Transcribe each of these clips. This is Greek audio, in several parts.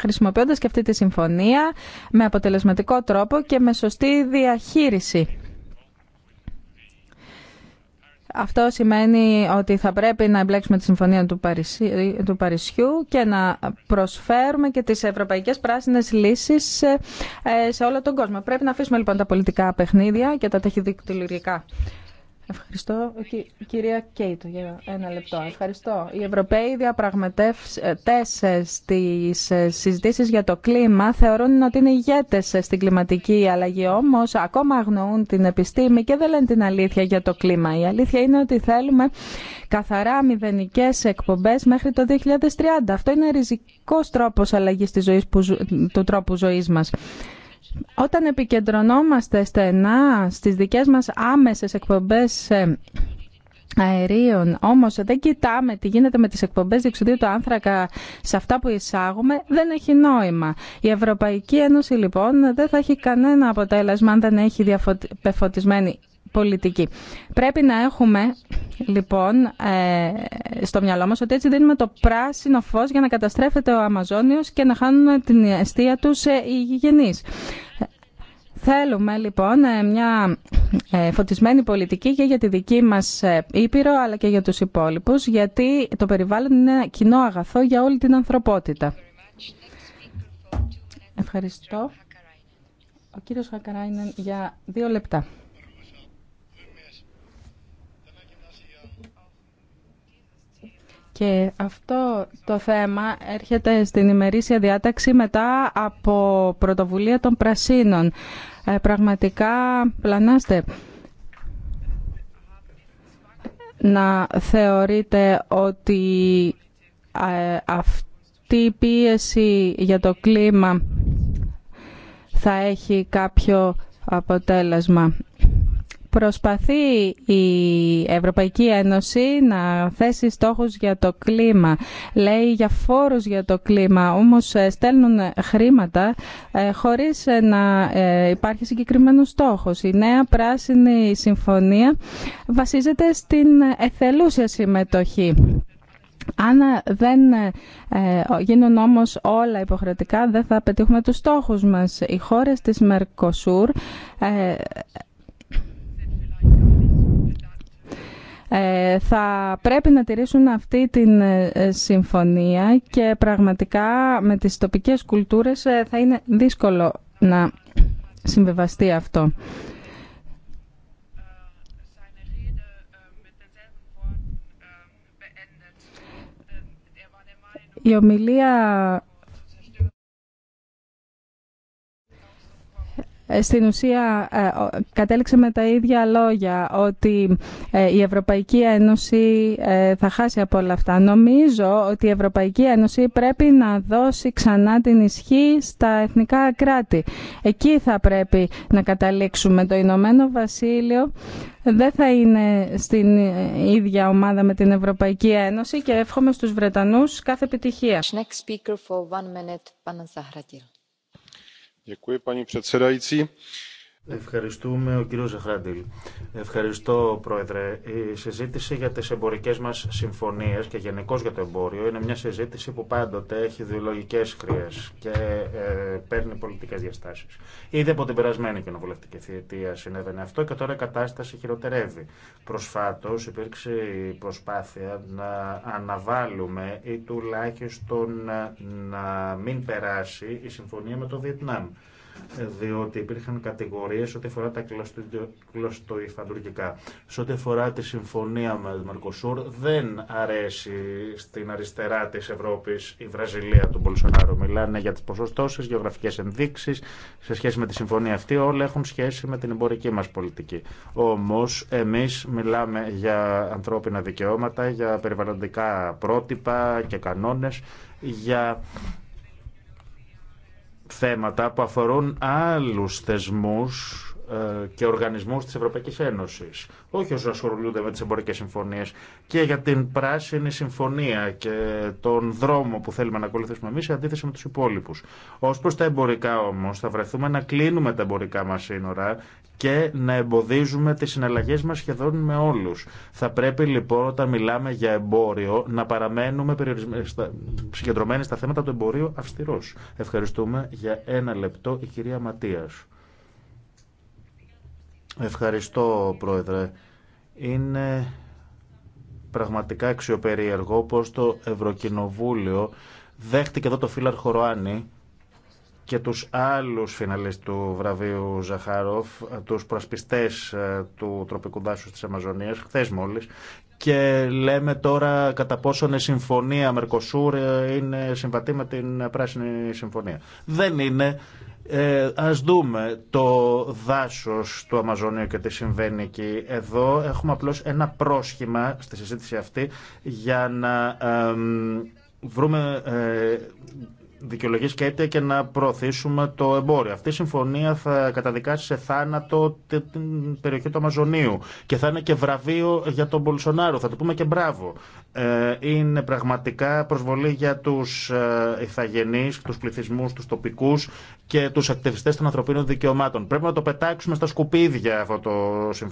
χρησιμοποιώντας και αυτή τη συμφωνία με αποτελεσματικό τρόπο και με σωστή διαχείριση. Αυτό σημαίνει ότι θα πρέπει να εμπλέξουμε τη Συμφωνία του Παρισιού και να προσφέρουμε και τις ευρωπαϊκές πράσινες λύσεις ε, σε όλο τον κόσμο. Πρέπει να αφήσουμε λοιπόν τα πολιτικά παιχνίδια και τα ταχυδικτυλουργικά Ευχαριστώ, κυρία Κέιτο, για ένα λεπτό. Ευχαριστώ. Οι Ευρωπαίοι διαπραγματεύτε στις ε, συζητήσεις για το κλίμα θεωρούν ότι είναι ηγέτες ε, στην κλιματική αλλαγή, όμως ακόμα αγνοούν την επιστήμη και δεν λένε την αλήθεια για το κλίμα. Η αλήθεια είναι ότι θέλουμε καθαρά μηδενικέ εκπομπέ μέχρι το 2030. Αυτό είναι ριζικός τρόπος αλλαγής του τρόπου ζωή μα. Όταν επικεντρωνόμαστε στενά στις δικές μας άμεσες εκπομπές ε, αερίων, όμως δεν κοιτάμε τι γίνεται με τις εκπομπές διεξουδίου του άνθρακα σε αυτά που εισάγουμε, δεν έχει νόημα. Η Ευρωπαϊκή Ένωση λοιπόν δεν θα έχει κανένα αποτέλεσμα αν δεν έχει διαφωτισμένη πολιτική. Πρέπει να έχουμε λοιπόν ε, στο μυαλό μας ότι έτσι δίνουμε το πράσινο φως για να καταστρέφεται ο Αμαζόνιος και να χάνουν την αιστεία τους ε, οι γηγενείς. Θέλουμε λοιπόν ε, μια φωτισμένη πολιτική και για τη δική μας Ήπειρο αλλά και για τους υπόλοιπους γιατί το περιβάλλον είναι ένα κοινό αγαθό για όλη την ανθρωπότητα. Ευχαριστώ. Ο κύριος Χακαράινεν για δύο λεπτά. Και αυτό το θέμα έρχεται στην ημερήσια διάταξη μετά από πρωτοβουλία των Πρασίνων. Ε, πραγματικά πλανάστε να θεωρείτε ότι ε, αυτή η πίεση για το κλίμα θα έχει κάποιο αποτέλεσμα. Προσπαθεί η Ευρωπαϊκή Ένωση να θέσει στόχους για το κλίμα. Λέει για φόρους για το κλίμα, όμως ε, στέλνουν χρήματα ε, χωρίς ε, να υπάρχει συγκεκριμένος στόχος. Η νέα πράσινη συμφωνία βασίζεται στην εθελούσια συμμετοχή. Αν δεν γίνουν όμως όλα υποχρεωτικά, δεν θα πετύχουμε τους στόχους μας. Οι χώρες της Μερκοσούρ Ε, θα πρέπει να τηρήσουν αυτή την ε, συμφωνία και πραγματικά με τις τοπικές κουλτούρες ε, θα είναι δύσκολο να συμβεβαστεί αυτό. Η ομιλία Ε, στην ουσία ε, κατέληξε με τα ίδια λόγια ότι ε, η Ευρωπαϊκή Ένωση θα χάσει από όλα αυτά. Νομίζω ότι η Ευρωπαϊκή Ένωση πρέπει να δώσει ξανά την ισχύ στα εθνικά κράτη. Εκεί θα πρέπει να καταλήξουμε το Ηνωμένο Βασίλειο δεν θα είναι στην ίδια ομάδα με την Ευρωπαϊκή Ένωση και εύχομαι στους Βρετανούς κάθε επιτυχία paní předsedající Ευχαριστούμε ο κύριος Ζεχράντιλ. Ευχαριστώ πρόεδρε. Η συζήτηση για τις εμπορικές μας συμφωνίες και γενικώ για το εμπόριο είναι μια συζήτηση που πάντοτε έχει ιδεολογικές χρειές και ε, παίρνει πολιτικές διαστάσεις. Ήδη από την περασμένη κοινοβουλευτική θητεία συνέβαινε αυτό και τώρα η κατάσταση χειροτερεύει. Προσφάτως υπήρξε η προσπάθεια να αναβάλουμε ή τουλάχιστον να μην περάσει η συμφωνία με το Βιετνάμ διότι υπήρχαν κατηγορίες ό,τι αφορά τα κλωστοϊφαντουργικά. Σε ό,τι αφορά τη συμφωνία με τον Μαρκοσούρ, δεν αρέσει στην αριστερά τη Ευρώπη η Βραζιλία του Μπολσονάρου. Μιλάνε για τι ποσοστώσει, γεωγραφικέ ενδείξει, σε σχέση με τη συμφωνία αυτή όλα έχουν σχέση με την εμπορική μα πολιτική. Όμω, εμεί μιλάμε για ανθρώπινα δικαιώματα, για περιβαλλοντικά πρότυπα και κανόνε για θέματα που αφορούν άλλους θεσμούς ε, και οργανισμούς της Ευρωπαϊκής Ένωσης. Όχι όσους ασχολούνται με τις εμπορικές συμφωνίες και για την πράσινη συμφωνία και τον δρόμο που θέλουμε να ακολουθήσουμε εμείς σε αντίθεση με τους υπόλοιπους. Ως προς τα εμπορικά όμως θα βρεθούμε να κλείνουμε τα εμπορικά μας σύνορα και να εμποδίζουμε τις συναλλαγές μας σχεδόν με όλους. Θα πρέπει λοιπόν όταν μιλάμε για εμπόριο να παραμένουμε συγκεντρωμένοι στα θέματα του εμπορίου αυστηρός. Ευχαριστούμε για ένα λεπτό η κυρία Ματίας. Ευχαριστώ πρόεδρε. Είναι πραγματικά αξιοπερίεργο πως το Ευρωκοινοβούλιο δέχτηκε εδώ το φύλλαρχο Ροάνη και τους άλλους φιναλές του βραβείου Ζαχάροφ, τους προσπιστές ε, του τροπικού δάσους της Αμαζονίας, χθες μόλις, και λέμε τώρα κατά πόσο είναι συμφωνία Μερκοσούρ ε, είναι συμβατή με την Πράσινη Συμφωνία. Δεν είναι. Ε, ας δούμε το δάσος του Αμαζονίου και τι συμβαίνει εκεί. Εδώ έχουμε απλώς ένα πρόσχημα στη συζήτηση αυτή για να βρούμε ε, δικαιολογεί αίτια και να προωθήσουμε το εμπόριο. Αυτή η συμφωνία θα καταδικάσει σε θάνατο την περιοχή του Αμαζονίου και θα είναι και βραβείο για τον Μπολσονάρο. Θα το πούμε και μπράβο. Ε, είναι πραγματικά προσβολή για του ε, ηθαγενεί, του πληθυσμού, του τοπικού και του ακτιβιστέ των ανθρωπίνων δικαιωμάτων. Πρέπει να το πετάξουμε στα σκουπίδια αυτό το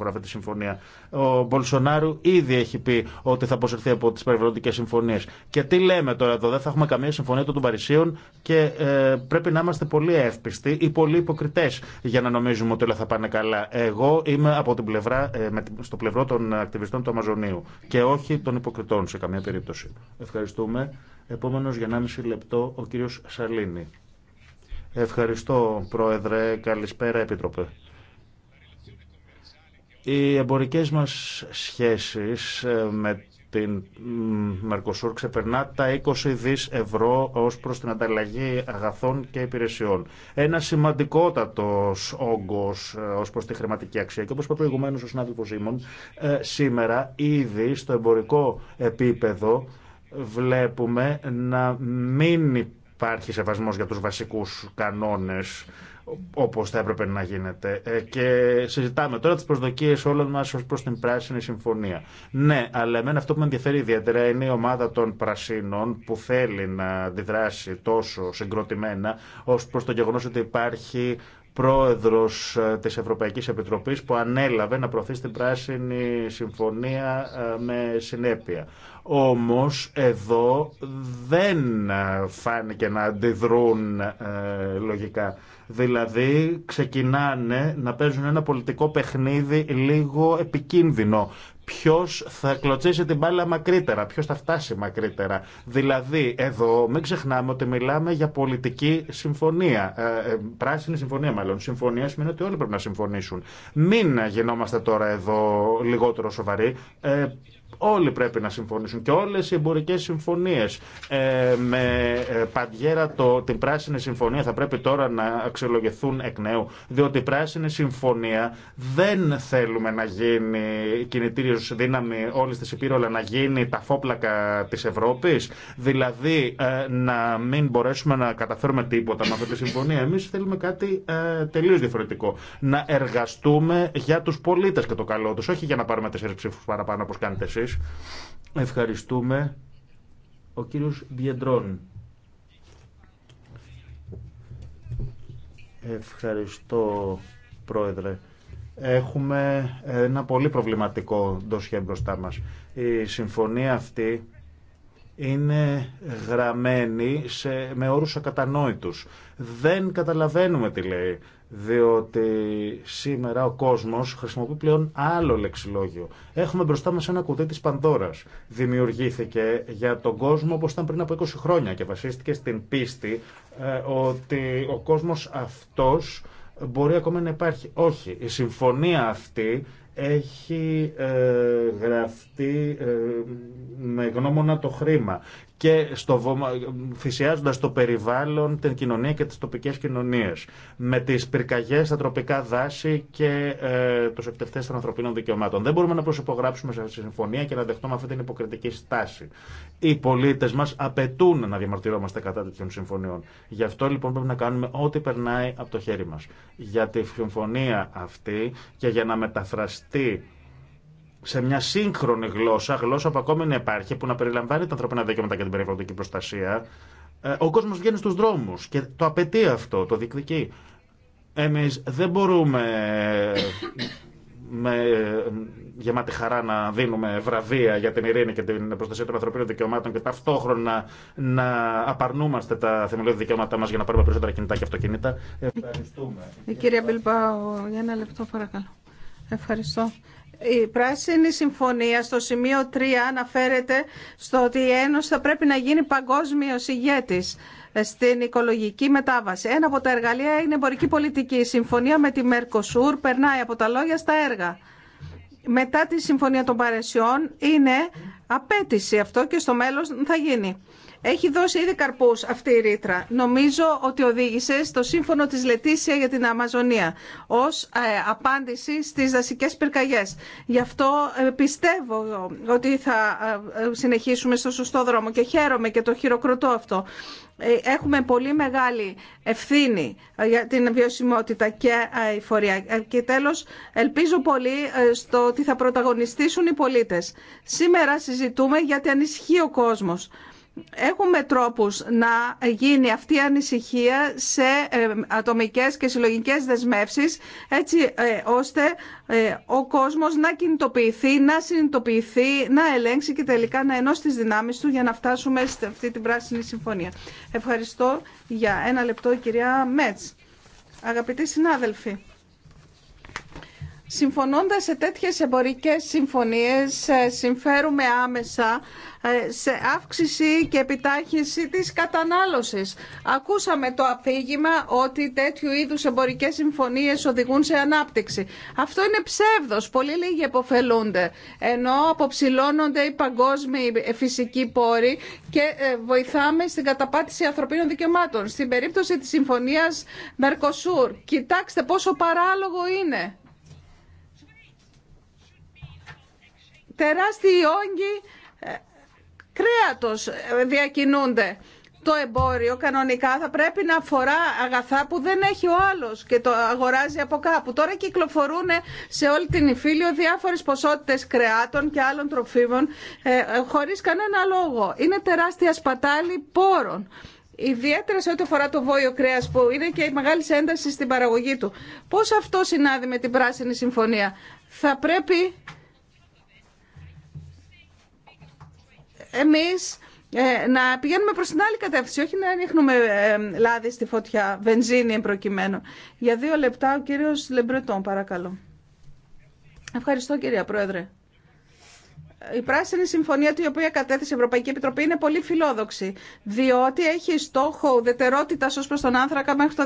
αυτή τη συμφωνία. Ο Μπολσονάρου ήδη έχει πει ότι θα αποσυρθεί από τι περιβαλλοντικέ συμφωνίε. Και τι λέμε τώρα εδώ, δεν θα έχουμε καμία συμφωνία των Παρισίων και ε, πρέπει να είμαστε πολύ εύπιστοι ή πολύ υποκριτέ για να νομίζουμε ότι όλα θα πάνε καλά. Εγώ είμαι από την πλευρά, ε, στο πλευρό των ακτιβιστών του Αμαζονίου και όχι των υποκριτών σε καμία περίπτωση. Ευχαριστούμε. Επόμενος για 1,5 λεπτό ο κύριος Σαλίνη. Ευχαριστώ Πρόεδρε. Καλησπέρα Επίτροπε. Οι εμπορικές μας σχέσεις ε, με την Μερκοσούρ ξεπερνά τα 20 δις ευρώ ως προς την ανταλλαγή αγαθών και υπηρεσιών. Ένα σημαντικότατος όγκος ε, ως προς τη χρηματική αξία και όπως είπε προηγουμένως ο συνάδελφος Ζήμων, ε, σήμερα ήδη στο εμπορικό επίπεδο βλέπουμε να μην υπάρχει σεβασμός για τους βασικούς κανόνες Όπω θα έπρεπε να γίνεται. Ε, και συζητάμε τώρα τι προσδοκίες όλων μας ως προς την Πράσινη Συμφωνία. Ναι, αλλά εμένα αυτό που με ενδιαφέρει ιδιαίτερα είναι η ομάδα των Πρασίνων που θέλει να αντιδράσει τόσο συγκροτημένα ως προς το γεγονός ότι υπάρχει πρόεδρο ε, τη Ευρωπαϊκή Επιτροπή που ανέλαβε να προωθήσει την πράσινη συμφωνία ε, με συνέπεια. Όμω εδώ δεν ε, φάνηκε να αντιδρούν λογικά. Δηλαδή ξεκινάνε να παίζουν ένα πολιτικό παιχνίδι λίγο επικίνδυνο ποιο θα κλωτσίσει την μπάλα μακρύτερα, ποιο θα φτάσει μακρύτερα. Δηλαδή, εδώ μην ξεχνάμε ότι μιλάμε για πολιτική συμφωνία. Ε, ε, πράσινη συμφωνία, μάλλον. Συμφωνία σημαίνει ότι όλοι πρέπει να συμφωνήσουν. Μην γινόμαστε τώρα εδώ λιγότερο σοβαροί. Ε, Όλοι πρέπει να συμφωνήσουν και όλες οι εμπορικές συμφωνίες. Ε, με ε, παντιέρα το, την πράσινη συμφωνία θα πρέπει τώρα να αξιολογηθούν εκ νέου, διότι η πράσινη συμφωνία δεν θέλουμε να γίνει κινητήριος δύναμη όλης της Επίρου, αλλά να γίνει τα φόπλακα της Ευρώπης, δηλαδή ε, να μην μπορέσουμε να καταφέρουμε τίποτα με αυτή τη συμφωνία. Εμείς θέλουμε κάτι ε, τελείως διαφορετικό. Να εργαστούμε για τους πολίτες και το καλό τους, όχι για να πάρουμε τέσσερις ψήφους παραπάνω όπως κάνετε εσείς. Ευχαριστούμε. Ο κύριος Διεντρών. Ευχαριστώ, Πρόεδρε. Έχουμε ένα πολύ προβληματικό ντοσχέ μπροστά μας. Η συμφωνία αυτή είναι γραμμένη σε, με όρους ακατανόητους. Δεν καταλαβαίνουμε τι λέει διότι σήμερα ο κόσμος χρησιμοποιεί πλέον άλλο λεξιλόγιο. Έχουμε μπροστά μας ένα κουτί της Πανδώρας. Δημιουργήθηκε για τον κόσμο όπως ήταν πριν από 20 χρόνια και βασίστηκε στην πίστη ε, ότι ο κόσμος αυτός μπορεί ακόμα να υπάρχει. Όχι, η συμφωνία αυτή έχει ε, γραφτεί ε, με γνώμονα το χρήμα και στο, θυσιάζοντας το περιβάλλον, την κοινωνία και τις τοπικές κοινωνίες. Με τις πυρκαγιές στα τροπικά δάση και ε, τους των ανθρωπίνων δικαιωμάτων. Δεν μπορούμε να προσυπογράψουμε σε συμφωνία και να δεχτούμε αυτή την υποκριτική στάση. Οι πολίτες μας απαιτούν να διαμαρτυρόμαστε κατά τέτοιων συμφωνιών. Γι' αυτό λοιπόν πρέπει να κάνουμε ό,τι περνάει από το χέρι μας. Για τη συμφωνία αυτή και για να μεταφραστεί σε μια σύγχρονη γλώσσα, γλώσσα που ακόμη δεν υπάρχει, που να περιλαμβάνει τα ανθρώπινα δικαιώματα και την περιβαλλοντική προστασία, ε, ο κόσμο βγαίνει στου δρόμου και το απαιτεί αυτό, το διεκδικεί. Εμεί δεν μπορούμε με γεμάτη χαρά να δίνουμε βραβεία για την ειρήνη και την προστασία των ανθρωπίνων δικαιωμάτων και ταυτόχρονα να απαρνούμαστε τα θεμελιώδη δικαιώματά μα για να πάρουμε περισσότερα κινητά και αυτοκίνητα. Ευχαριστούμε. Η κυρία Μπιλμπάου, για ένα λεπτό παρακαλώ. Ευχαριστώ. Η Πράσινη Συμφωνία στο σημείο 3 αναφέρεται στο ότι η Ένωση θα πρέπει να γίνει παγκόσμιος ηγέτη στην οικολογική μετάβαση. Ένα από τα εργαλεία είναι η εμπορική πολιτική. Η συμφωνία με τη Μερκοσούρ περνάει από τα λόγια στα έργα. Μετά τη Συμφωνία των Παρεσιών είναι απέτηση αυτό και στο μέλλον θα γίνει. Έχει δώσει ήδη καρπούς αυτή η ρήτρα. Νομίζω ότι οδήγησε στο σύμφωνο της Λετήσια για την Αμαζονία ως ε, απάντηση στις δασικές πυρκαγιέ. Γι' αυτό ε, πιστεύω ότι θα ε, συνεχίσουμε στο σωστό δρόμο και χαίρομαι και το χειροκροτώ αυτό. Έχουμε πολύ μεγάλη ευθύνη για την βιωσιμότητα και η φορεία. Και τέλος, ελπίζω πολύ στο ότι θα πρωταγωνιστήσουν οι πολίτε. Σήμερα συζητούμε γιατί ανησυχεί ο κόσμο. Έχουμε τρόπους να γίνει αυτή η ανησυχία σε ε, ατομικές και συλλογικές δεσμεύσεις έτσι ε, ώστε ε, ο κόσμος να κινητοποιηθεί, να συνειδητοποιηθεί, να ελέγξει και τελικά να ενώσει τις δυνάμεις του για να φτάσουμε σε αυτή την πράσινη συμφωνία. Ευχαριστώ για ένα λεπτό κυρία Μέτς. Αγαπητοί συνάδελφοι, Συμφωνώντας σε τέτοιες εμπορικές συμφωνίες ε, συμφέρουμε άμεσα ε, σε αύξηση και επιτάχυνση της κατανάλωσης. Ακούσαμε το αφήγημα ότι τέτοιου είδους εμπορικές συμφωνίες οδηγούν σε ανάπτυξη. Αυτό είναι ψεύδος, πολύ λίγοι εποφελούνται, ενώ αποψηλώνονται οι παγκόσμιοι φυσικοί πόροι και ε, βοηθάμε στην καταπάτηση ανθρωπίνων δικαιωμάτων. Στην περίπτωση της συμφωνίας Μερκοσούρ, κοιτάξτε πόσο παράλογο είναι τεράστιοι όγκοι ε, κρέατος ε, διακινούνται. Το εμπόριο κανονικά θα πρέπει να αφορά αγαθά που δεν έχει ο άλλος και το αγοράζει από κάπου. Τώρα κυκλοφορούν σε όλη την Ιφίλιο διάφορες ποσότητες κρεάτων και άλλων τροφίμων ε, χωρίς κανένα λόγο. Είναι τεράστια σπατάλη πόρων. Ιδιαίτερα σε ό,τι αφορά το βόλιο κρέας που είναι και η μεγάλη ένταση στην παραγωγή του. Πώς αυτό συνάδει με την Πράσινη Συμφωνία. Θα πρέπει εμείς ε, να πηγαίνουμε προς την άλλη κατεύθυνση, όχι να ρίχνουμε ε, λάδι στη φωτιά, βενζίνη προκειμένου. Για δύο λεπτά ο κύριος Λεμπρετών, παρακαλώ. Ευχαριστώ κυρία Πρόεδρε η πράσινη συμφωνία την οποία κατέθεσε η Ευρωπαϊκή Επιτροπή είναι πολύ φιλόδοξη, διότι έχει στόχο ουδετερότητα ως προς τον άνθρακα μέχρι το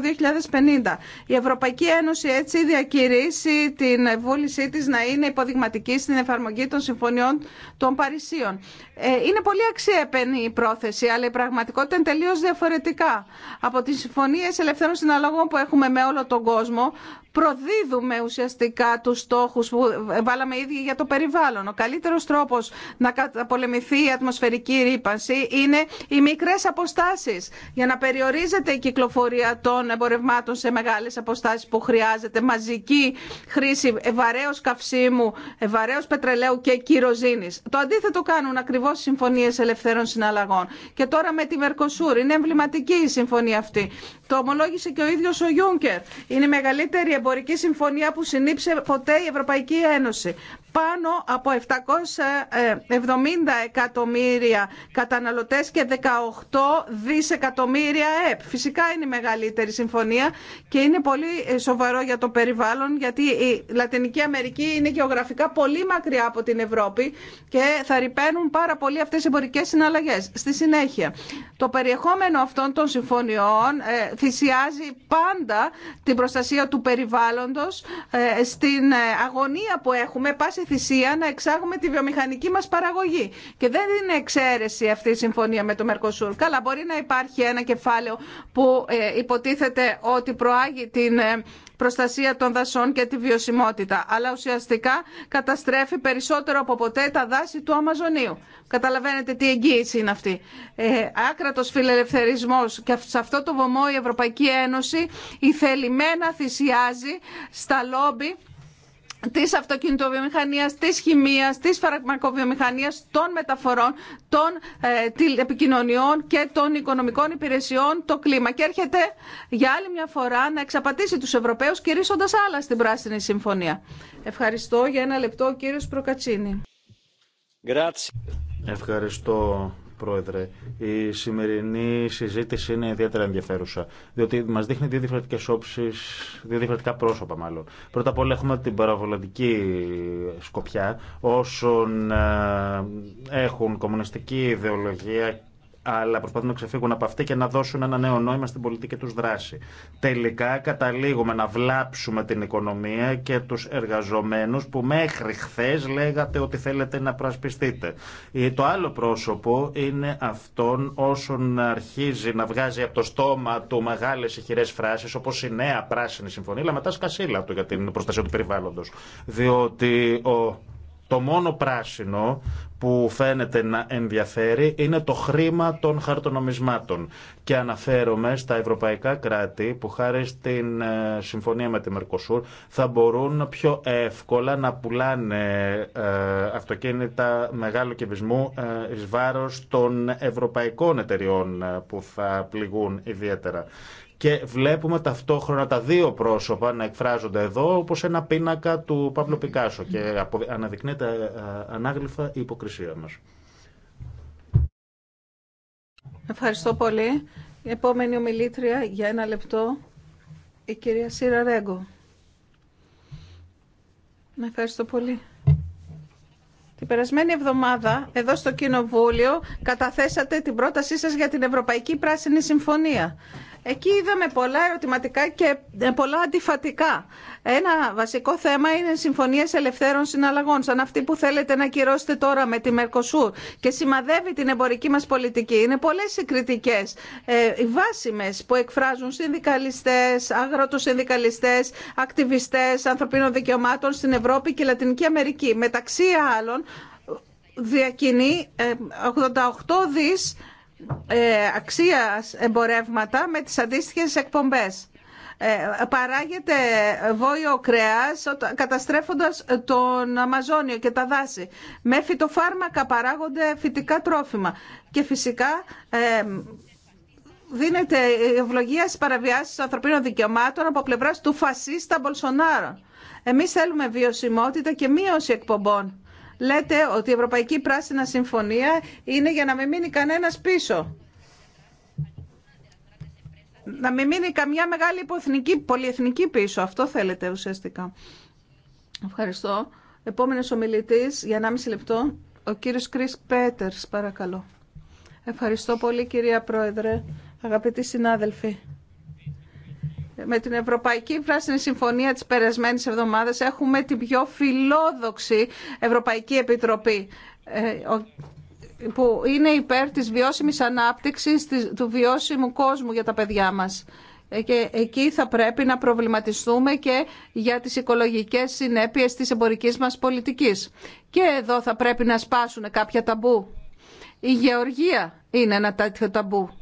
2050. Η Ευρωπαϊκή Ένωση έτσι διακηρύσει την βούλησή τη να είναι υποδειγματική στην εφαρμογή των συμφωνιών των Παρισίων. Ε, είναι πολύ αξιέπαινη η πρόθεση, αλλά η πραγματικότητα είναι τελείω διαφορετικά. Από τι συμφωνίε ελευθέρων συναλλαγών που έχουμε με όλο τον κόσμο, προδίδουμε ουσιαστικά τους στόχους που βάλαμε ήδη για το περιβάλλον. Ο καλύτερος τρόπος να καταπολεμηθεί η ατμοσφαιρική ρήπανση είναι οι μικρές αποστάσεις για να περιορίζεται η κυκλοφορία των εμπορευμάτων σε μεγάλες αποστάσεις που χρειάζεται μαζική χρήση βαρέως καυσίμου, βαρέως πετρελαίου και κυροζίνης. Το αντίθετο κάνουν ακριβώς οι συμφωνίες ελευθέρων συναλλαγών. Και τώρα με τη Μερκοσούρ είναι εμβληματική η συμφωνία αυτή. Το ομολόγησε και ο ίδιος ο Ιούνκερ. Είναι η μεγαλύτερη εμπορική συμφωνία που συνήψε ποτέ η Ευρωπαϊκή Ένωση πάνω από 770 εκατομμύρια καταναλωτές και 18 δισεκατομμύρια ΕΠ. Φυσικά είναι η μεγαλύτερη συμφωνία και είναι πολύ σοβαρό για το περιβάλλον γιατί η Λατινική Αμερική είναι γεωγραφικά πολύ μακριά από την Ευρώπη και θα ρηπαίνουν πάρα πολύ αυτές οι εμπορικές συναλλαγές. Στη συνέχεια, το περιεχόμενο αυτών των συμφωνιών ε, θυσιάζει πάντα την προστασία του περιβάλλοντος ε, στην ε, αγωνία που έχουμε πάση θυσία να εξάγουμε τη βιομηχανική μα παραγωγή. Και δεν είναι εξαίρεση αυτή η συμφωνία με το Μερκοσούρ. Καλά, μπορεί να υπάρχει ένα κεφάλαιο που ε, υποτίθεται ότι προάγει την ε, προστασία των δασών και τη βιωσιμότητα. Αλλά ουσιαστικά καταστρέφει περισσότερο από ποτέ τα δάση του Αμαζονίου. Καταλαβαίνετε τι εγγύηση είναι αυτή. Ε, άκρατος φιλελευθερισμός και σε αυτό το βωμό η Ευρωπαϊκή Ένωση ηθελημένα θυσιάζει στα λόμπι της αυτοκινητοβιομηχανίας, τη χημία, τη φαρμακοβιομηχανίας, των μεταφορών, των ε, επικοινωνιών και των οικονομικών υπηρεσιών το κλίμα. Και έρχεται για άλλη μια φορά να εξαπατήσει του Ευρωπαίους κηρύσσοντα άλλα στην Πράσινη Συμφωνία. Ευχαριστώ για ένα λεπτό κύριο κύριος Προκατσίνη. Ευχαριστώ Πρόεδρε. Η σημερινή συζήτηση είναι ιδιαίτερα ενδιαφέρουσα, διότι μα δείχνει δύο διαφορετικέ όψει, δύο διαφορετικά πρόσωπα μάλλον. Πρώτα απ' όλα έχουμε την παραβολαντική σκοπιά όσων ε, έχουν κομμουνιστική ιδεολογία αλλά προσπαθούν να ξεφύγουν από αυτή και να δώσουν ένα νέο νόημα στην πολιτική τους δράση. Τελικά καταλήγουμε να βλάψουμε την οικονομία και τους εργαζομένους που μέχρι χθε λέγατε ότι θέλετε να προασπιστείτε. Ε, το άλλο πρόσωπο είναι αυτόν όσον αρχίζει να βγάζει από το στόμα του μεγάλες ηχηρές φράσεις όπως η νέα πράσινη συμφωνία, αλλά μετά σκασίλα του για την προστασία του περιβάλλοντος. Διότι ο το μόνο πράσινο που φαίνεται να ενδιαφέρει είναι το χρήμα των χαρτονομισμάτων. Και αναφέρομαι στα ευρωπαϊκά κράτη που χάρη στην ε, συμφωνία με τη Μερκοσούρ θα μπορούν πιο εύκολα να πουλάνε ε, αυτοκίνητα μεγάλου κυβισμού ε, εις βάρος των ευρωπαϊκών εταιριών που θα πληγούν ιδιαίτερα. Και βλέπουμε ταυτόχρονα τα δύο πρόσωπα να εκφράζονται εδώ όπως ένα πίνακα του Παύλου Πικάσο και αναδεικνύεται ε, ανάγλυφα η υποκρισία μας. Ευχαριστώ πολύ. Η Επόμενη ομιλήτρια για ένα λεπτό, η κυρία Σύρα Ρέγκο. Ναι, ευχαριστώ πολύ. Την περασμένη εβδομάδα, εδώ στο Κοινοβούλιο, καταθέσατε την πρότασή σας για την Ευρωπαϊκή Πράσινη Συμφωνία. Εκεί είδαμε πολλά ερωτηματικά και ε, πολλά αντιφατικά. Ένα βασικό θέμα είναι συμφωνίε ελευθέρων συναλλαγών, σαν αυτή που θέλετε να κυρώσετε τώρα με τη Μερκοσούρ και σημαδεύει την εμπορική μα πολιτική. Είναι πολλέ οι κριτικέ, ε, οι βάσιμε που εκφράζουν συνδικαλιστέ, αγροτοσυνδικαλιστέ, ακτιβιστέ ανθρωπίνων δικαιωμάτων στην Ευρώπη και Λατινική Αμερική. Μεταξύ άλλων, διακινεί 88 ε, δις ε, αξίας εμπορεύματα με τις αντίστοιχες εκπομπές. Ε, παράγεται βόλιο κρέας καταστρέφοντας τον Αμαζόνιο και τα δάση. Με φυτοφάρμακα παράγονται φυτικά τρόφιμα. Και φυσικά ε, δίνεται ευλογία στις παραβιάσεις των ανθρωπίνων δικαιωμάτων από πλευράς του φασίστα Μπολσονάρο. Εμείς θέλουμε βιωσιμότητα και μείωση εκπομπών λέτε ότι η Ευρωπαϊκή Πράσινα Συμφωνία είναι για να μην μείνει κανένας πίσω. Να μην μείνει καμιά μεγάλη υποεθνική, πολυεθνική πίσω. Αυτό θέλετε ουσιαστικά. Ευχαριστώ. Επόμενος ομιλητής για 1,5 λεπτό, ο κύριος Κρίς Πέτερς, παρακαλώ. Ευχαριστώ πολύ κυρία Πρόεδρε, αγαπητοί συνάδελφοι με την Ευρωπαϊκή Πράσινη Συμφωνία της περασμένης εβδομάδας έχουμε την πιο φιλόδοξη Ευρωπαϊκή Επιτροπή ε, που είναι υπέρ της βιώσιμης ανάπτυξης του βιώσιμου κόσμου για τα παιδιά μας. Ε, και εκεί θα πρέπει να προβληματιστούμε και για τις οικολογικές συνέπειες της εμπορικής μας πολιτικής. Και εδώ θα πρέπει να σπάσουν κάποια ταμπού. Η γεωργία είναι ένα τέτοιο ταμπού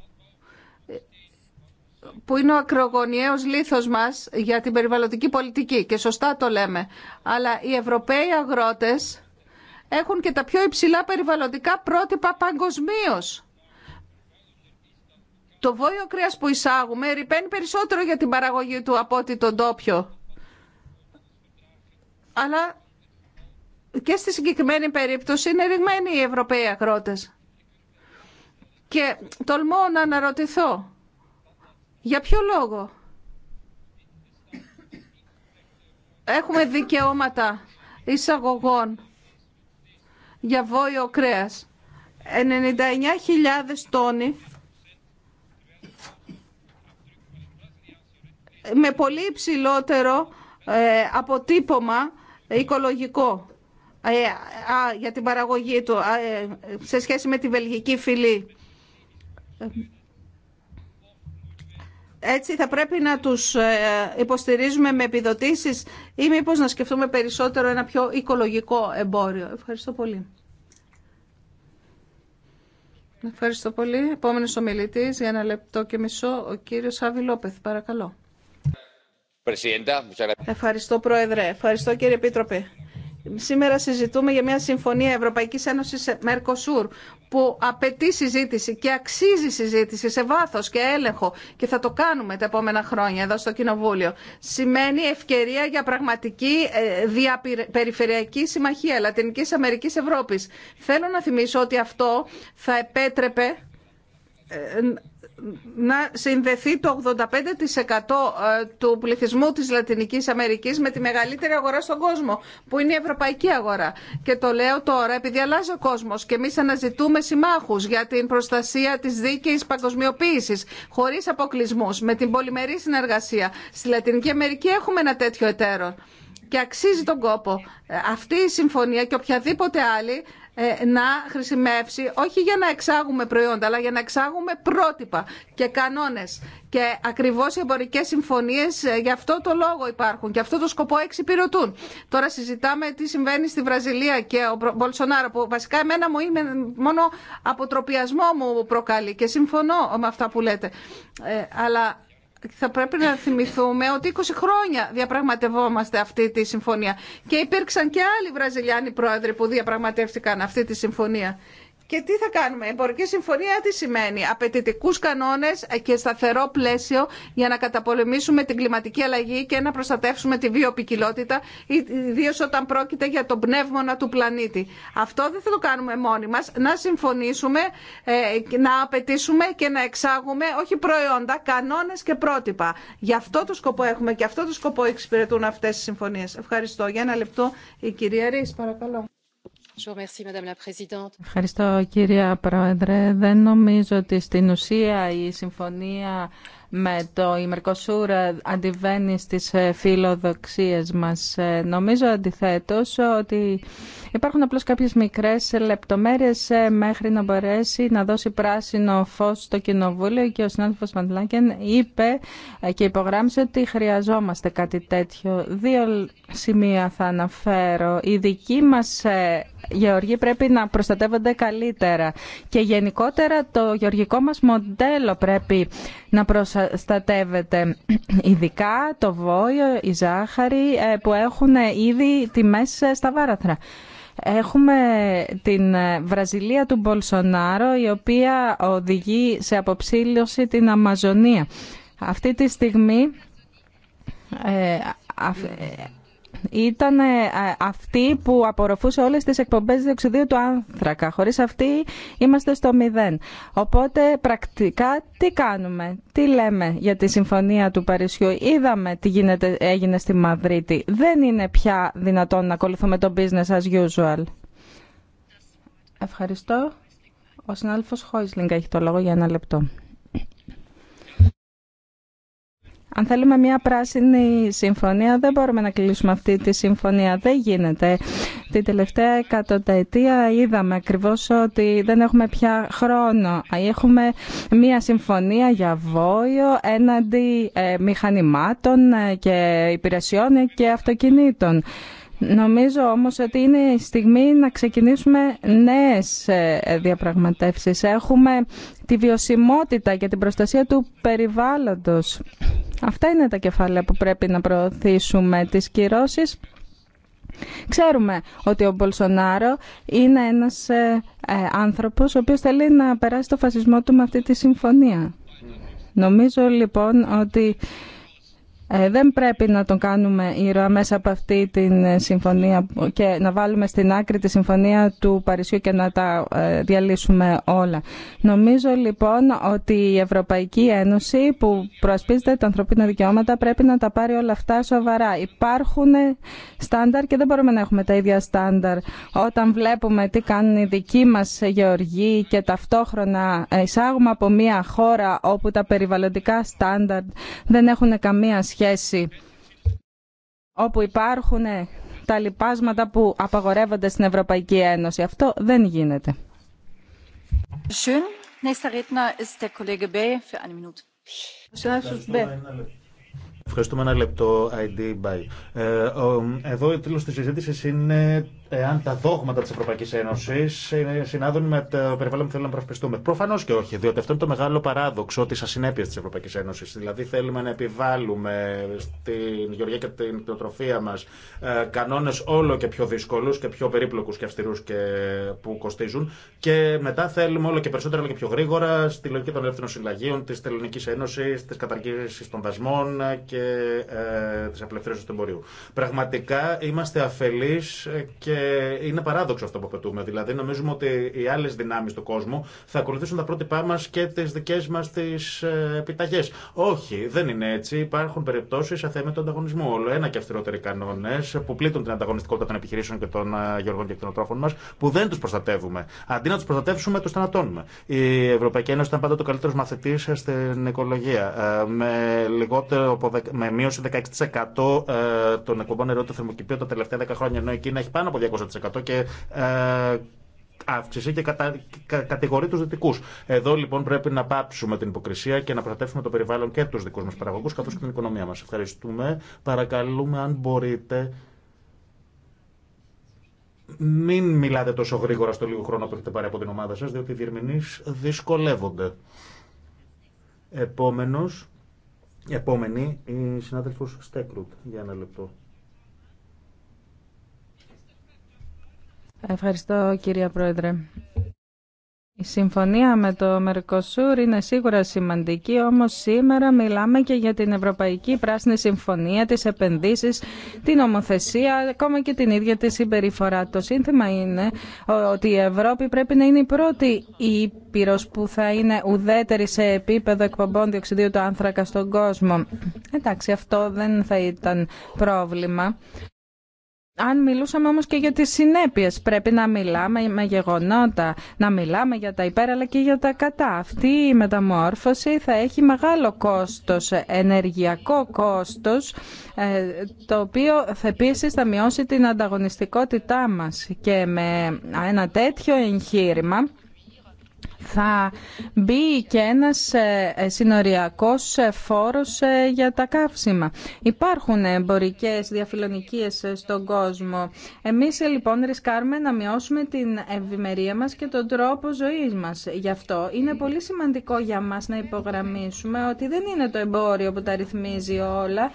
που είναι ο ακρογωνιαίος λίθος μας για την περιβαλλοντική πολιτική και σωστά το λέμε. Αλλά οι Ευρωπαίοι αγρότες έχουν και τα πιο υψηλά περιβαλλοντικά πρότυπα παγκοσμίω. Το βόλιο κρέας που εισάγουμε ρηπαίνει περισσότερο για την παραγωγή του από ότι τον τόπιο. Αλλά και στη συγκεκριμένη περίπτωση είναι ρηγμένοι οι Ευρωπαίοι αγρότες. Και τολμώ να αναρωτηθώ για ποιο λόγο έχουμε δικαιώματα εισαγωγών για βόηο κρέας. 99.000 τόνοι με πολύ υψηλότερο ε, αποτύπωμα οικολογικό ε, για την παραγωγή του ε, σε σχέση με τη βελγική φυλή. Έτσι θα πρέπει να τους ε, υποστηρίζουμε με επιδοτήσεις ή μήπως να σκεφτούμε περισσότερο ένα πιο οικολογικό εμπόριο. Ευχαριστώ πολύ. Ευχαριστώ πολύ. Επόμενος ομιλητής για ένα λεπτό και μισό, ο κύριος Σάβη Λόπεθ. Παρακαλώ. Ευχαριστώ Πρόεδρε. Ευχαριστώ κύριε Επίτροπε. Σήμερα συζητούμε για μια συμφωνία Ευρωπαϊκής Ένωσης Μερκοσούρ που απαιτεί συζήτηση και αξίζει συζήτηση σε βάθος και έλεγχο και θα το κάνουμε τα επόμενα χρόνια εδώ στο Κοινοβούλιο. Σημαίνει ευκαιρία για πραγματική ε, διαπεριφερειακή συμμαχία Λατινικής Αμερικής Ευρώπης. Θέλω να θυμίσω ότι αυτό θα επέτρεπε ε, να συνδεθεί το 85% ε, του πληθυσμού της Λατινικής Αμερικής με τη μεγαλύτερη αγορά στον κόσμο, που είναι η ευρωπαϊκή αγορά. Και το λέω τώρα, επειδή αλλάζει ο κόσμος και εμείς αναζητούμε συμμάχους για την προστασία της δίκαιης παγκοσμιοποίησης, χωρίς αποκλεισμούς, με την πολυμερή συνεργασία. Στη Λατινική Αμερική έχουμε ένα τέτοιο εταίρο και αξίζει τον κόπο. Ε, αυτή η συμφωνία και οποιαδήποτε άλλη ε, να χρησιμεύσει όχι για να εξάγουμε προϊόντα, αλλά για να εξάγουμε πρότυπα και κανόνες. Και ακριβώς οι εμπορικές συμφωνίες ε, για αυτό το λόγο υπάρχουν και αυτό το σκοπό εξυπηρετούν. Τώρα συζητάμε τι συμβαίνει στη Βραζιλία και ο Μπολσονάρο που βασικά εμένα μου μόνο αποτροπιασμό μου προκαλεί και συμφωνώ με αυτά που λέτε. Ε, αλλά θα πρέπει να θυμηθούμε ότι 20 χρόνια διαπραγματευόμαστε αυτή τη συμφωνία. Και υπήρξαν και άλλοι Βραζιλιάνοι πρόεδροι που διαπραγματεύτηκαν αυτή τη συμφωνία. Και τι θα κάνουμε. Η εμπορική συμφωνία τι σημαίνει. Απαιτητικού κανόνε και σταθερό πλαίσιο για να καταπολεμήσουμε την κλιματική αλλαγή και να προστατεύσουμε τη βιοπικιλότητα, ιδίω όταν πρόκειται για τον πνεύμονα του πλανήτη. Αυτό δεν θα το κάνουμε μόνοι μα. Να συμφωνήσουμε, ε, να απαιτήσουμε και να εξάγουμε όχι προϊόντα, κανόνε και πρότυπα. Γι' αυτό το σκοπό έχουμε και αυτό το σκοπό εξυπηρετούν αυτέ τι συμφωνίε. Ευχαριστώ. Για ένα λεπτό η κυρία Ρή, παρακαλώ. Ευχαριστώ κυρία Πρόεδρε. Δεν νομίζω ότι στην ουσία η συμφωνία με το η αντιβαίνει στις φιλοδοξίες μας. Ε, νομίζω αντιθέτως ότι Υπάρχουν απλώς κάποιες μικρές λεπτομέρειες ε, μέχρι να μπορέσει να δώσει πράσινο φως στο Κοινοβούλιο και ο συνάδελφος Μαντλάκεν είπε ε, και υπογράμμισε ότι χρειαζόμαστε κάτι τέτοιο. Δύο σημεία θα αναφέρω. Οι δικοί μας ε, γεωργοί πρέπει να προστατεύονται καλύτερα και γενικότερα το γεωργικό μας μοντέλο πρέπει να προστατεύεται. Ειδικά το βόλιο, η ζάχαρη που έχουν ήδη τιμές στα βάραθρα. Έχουμε την ε, Βραζιλία του Μπολσονάρο η οποία οδηγεί σε αποψήλωση την Αμαζονία. Αυτή τη στιγμή ε, ήταν ε, αυτή που απορροφούσε όλες τις εκπομπές διοξιδίου του άνθρακα. Χωρίς αυτή είμαστε στο μηδέν. Οπότε πρακτικά τι κάνουμε, τι λέμε για τη συμφωνία του Παρισιού. Είδαμε τι γίνεται, έγινε στη Μαδρίτη. Δεν είναι πια δυνατόν να ακολουθούμε το business as usual. Ευχαριστώ. Ο συνάδελφος Χόισλινγκ έχει το λόγο για ένα λεπτό. Αν θέλουμε μια πράσινη συμφωνία, δεν μπορούμε να κλείσουμε αυτή τη συμφωνία. Δεν γίνεται. Την τελευταία εκατονταετία είδαμε ακριβώ ότι δεν έχουμε πια χρόνο. Έχουμε μια συμφωνία για βόλιο έναντι ε, μηχανημάτων ε, και υπηρεσιών και αυτοκινήτων. Νομίζω όμως ότι είναι η στιγμή να ξεκινήσουμε νέες ε, διαπραγματεύσεις. Έχουμε τη βιωσιμότητα και την προστασία του περιβάλλοντος. Αυτά είναι τα κεφάλαια που πρέπει να προωθήσουμε τις κυρώσεις. Ξέρουμε ότι ο Μπολσονάρο είναι ένας ε, ε, άνθρωπος ο οποίος θέλει να περάσει το φασισμό του με αυτή τη συμφωνία. Νομίζω λοιπόν ότι ε, δεν πρέπει να τον κάνουμε ήρωα μέσα από αυτή τη ε, συμφωνία και να βάλουμε στην άκρη τη συμφωνία του Παρισιού και να τα ε, διαλύσουμε όλα. Νομίζω λοιπόν ότι η Ευρωπαϊκή Ένωση που προασπίζεται τα ανθρωπίνα δικαιώματα πρέπει να τα πάρει όλα αυτά σοβαρά. Υπάρχουν στάνταρ και δεν μπορούμε να έχουμε τα ίδια στάνταρ. Όταν βλέπουμε τι κάνουν οι δικοί μας γεωργοί και ταυτόχρονα εισάγουμε από μια χώρα όπου τα περιβαλλοντικά στάνταρ δεν έχουν καμία σχέση σχέση όπου υπάρχουν ε, τα λοιπάσματα που απαγορεύονται στην Ευρωπαϊκή Ένωση. Αυτό δεν γίνεται. Ευχαριστούμε ένα λεπτό, ID Bye. Ε, εδώ ο τίτλο τη συζήτηση είναι εάν τα δόγματα τη Ευρωπαϊκή Ένωση συνάδουν με το περιβάλλον που θέλουμε να προσπιστούμε. Προφανώ και όχι, διότι αυτό είναι το μεγάλο παράδοξο τη ασυνέπεια τη Ευρωπαϊκή Ένωση. Δηλαδή, θέλουμε να επιβάλλουμε στην γεωργία και την κτηνοτροφία μα ε, κανόνε όλο και πιο δύσκολου και πιο περίπλοκου και αυστηρού και που κοστίζουν. Και μετά θέλουμε όλο και περισσότερο, και πιο γρήγορα στη λογική των ελεύθερων συλλαγίων, τη Ελληνική Ένωση, τη καταργήση των δασμών και ε, τη απελευθέρωση του εμπορίου. Πραγματικά είμαστε αφελεί και ε, είναι παράδοξο αυτό που απαιτούμε. Δηλαδή, νομίζουμε ότι οι άλλε δυνάμει του κόσμου θα ακολουθήσουν τα πρότυπά μα και τι δικέ μα τι ε, επιταγέ. Όχι, δεν είναι έτσι. Υπάρχουν περιπτώσει αθέμη ανταγωνισμού. Όλο ένα και αυστηρότεροι κανόνε που πλήττουν την ανταγωνιστικότητα των επιχειρήσεων και των ε, γεωργών και εκτενοτρόφων μα, που δεν του προστατεύουμε. Αντί να του προστατεύσουμε, του θανατώνουμε. Η Ευρωπαϊκή Ένωση ήταν πάντα το καλύτερο μαθητή στην οικολογία. Με, λιγότερο, με μείωση 16% των εκπομπών νερού του θερμοκηπίου τα τελευταία 10 χρόνια, ενώ η Κίνα έχει πάνω από και ε, αύξηση και κατα... κατηγορεί του δυτικού. Εδώ λοιπόν πρέπει να πάψουμε την υποκρισία και να προστατεύσουμε το περιβάλλον και του δικού μα παραγωγού καθώ και την οικονομία μα. Ευχαριστούμε. Παρακαλούμε αν μπορείτε. Μην μιλάτε τόσο γρήγορα στο λίγο χρόνο που έχετε πάρει από την ομάδα σας, διότι οι διερμηνείς δυσκολεύονται. Επόμενος, επόμενη, η συνάδελφος Στέκρουτ, για ένα λεπτό. Ευχαριστώ κυρία Πρόεδρε. Η συμφωνία με το Μερκοσούρ είναι σίγουρα σημαντική, όμως σήμερα μιλάμε και για την Ευρωπαϊκή Πράσινη Συμφωνία, τις επενδύσεις, την ομοθεσία, ακόμα και την ίδια τη συμπεριφορά. Το σύνθημα είναι ότι η Ευρώπη πρέπει να είναι η πρώτη ήπειρος που θα είναι ουδέτερη σε επίπεδο εκπομπών διοξιδίου του άνθρακα στον κόσμο. Εντάξει, αυτό δεν θα ήταν πρόβλημα αν μιλούσαμε όμως και για τις συνέπειες, πρέπει να μιλάμε με γεγονότα, να μιλάμε για τα υπέρ αλλά και για τα κατά. Αυτή η μεταμόρφωση θα έχει μεγάλο κόστος, ενεργειακό κόστος, ε, το οποίο επίσης θα μειώσει την ανταγωνιστικότητά μας. Και με ένα τέτοιο εγχείρημα θα μπει και ένας ε, ε, συνοριακός ε, φόρος για τα καύσιμα. Υπάρχουν εμπορικές διαφιλονικίες στον κόσμο. Εμείς λοιπόν ρισκάρουμε να μειώσουμε την ευημερία μας και τον τρόπο ζωής μας. Γι' αυτό είναι πολύ σημαντικό για μας να υπογραμμίσουμε ότι δεν είναι το εμπόριο που τα ρυθμίζει όλα.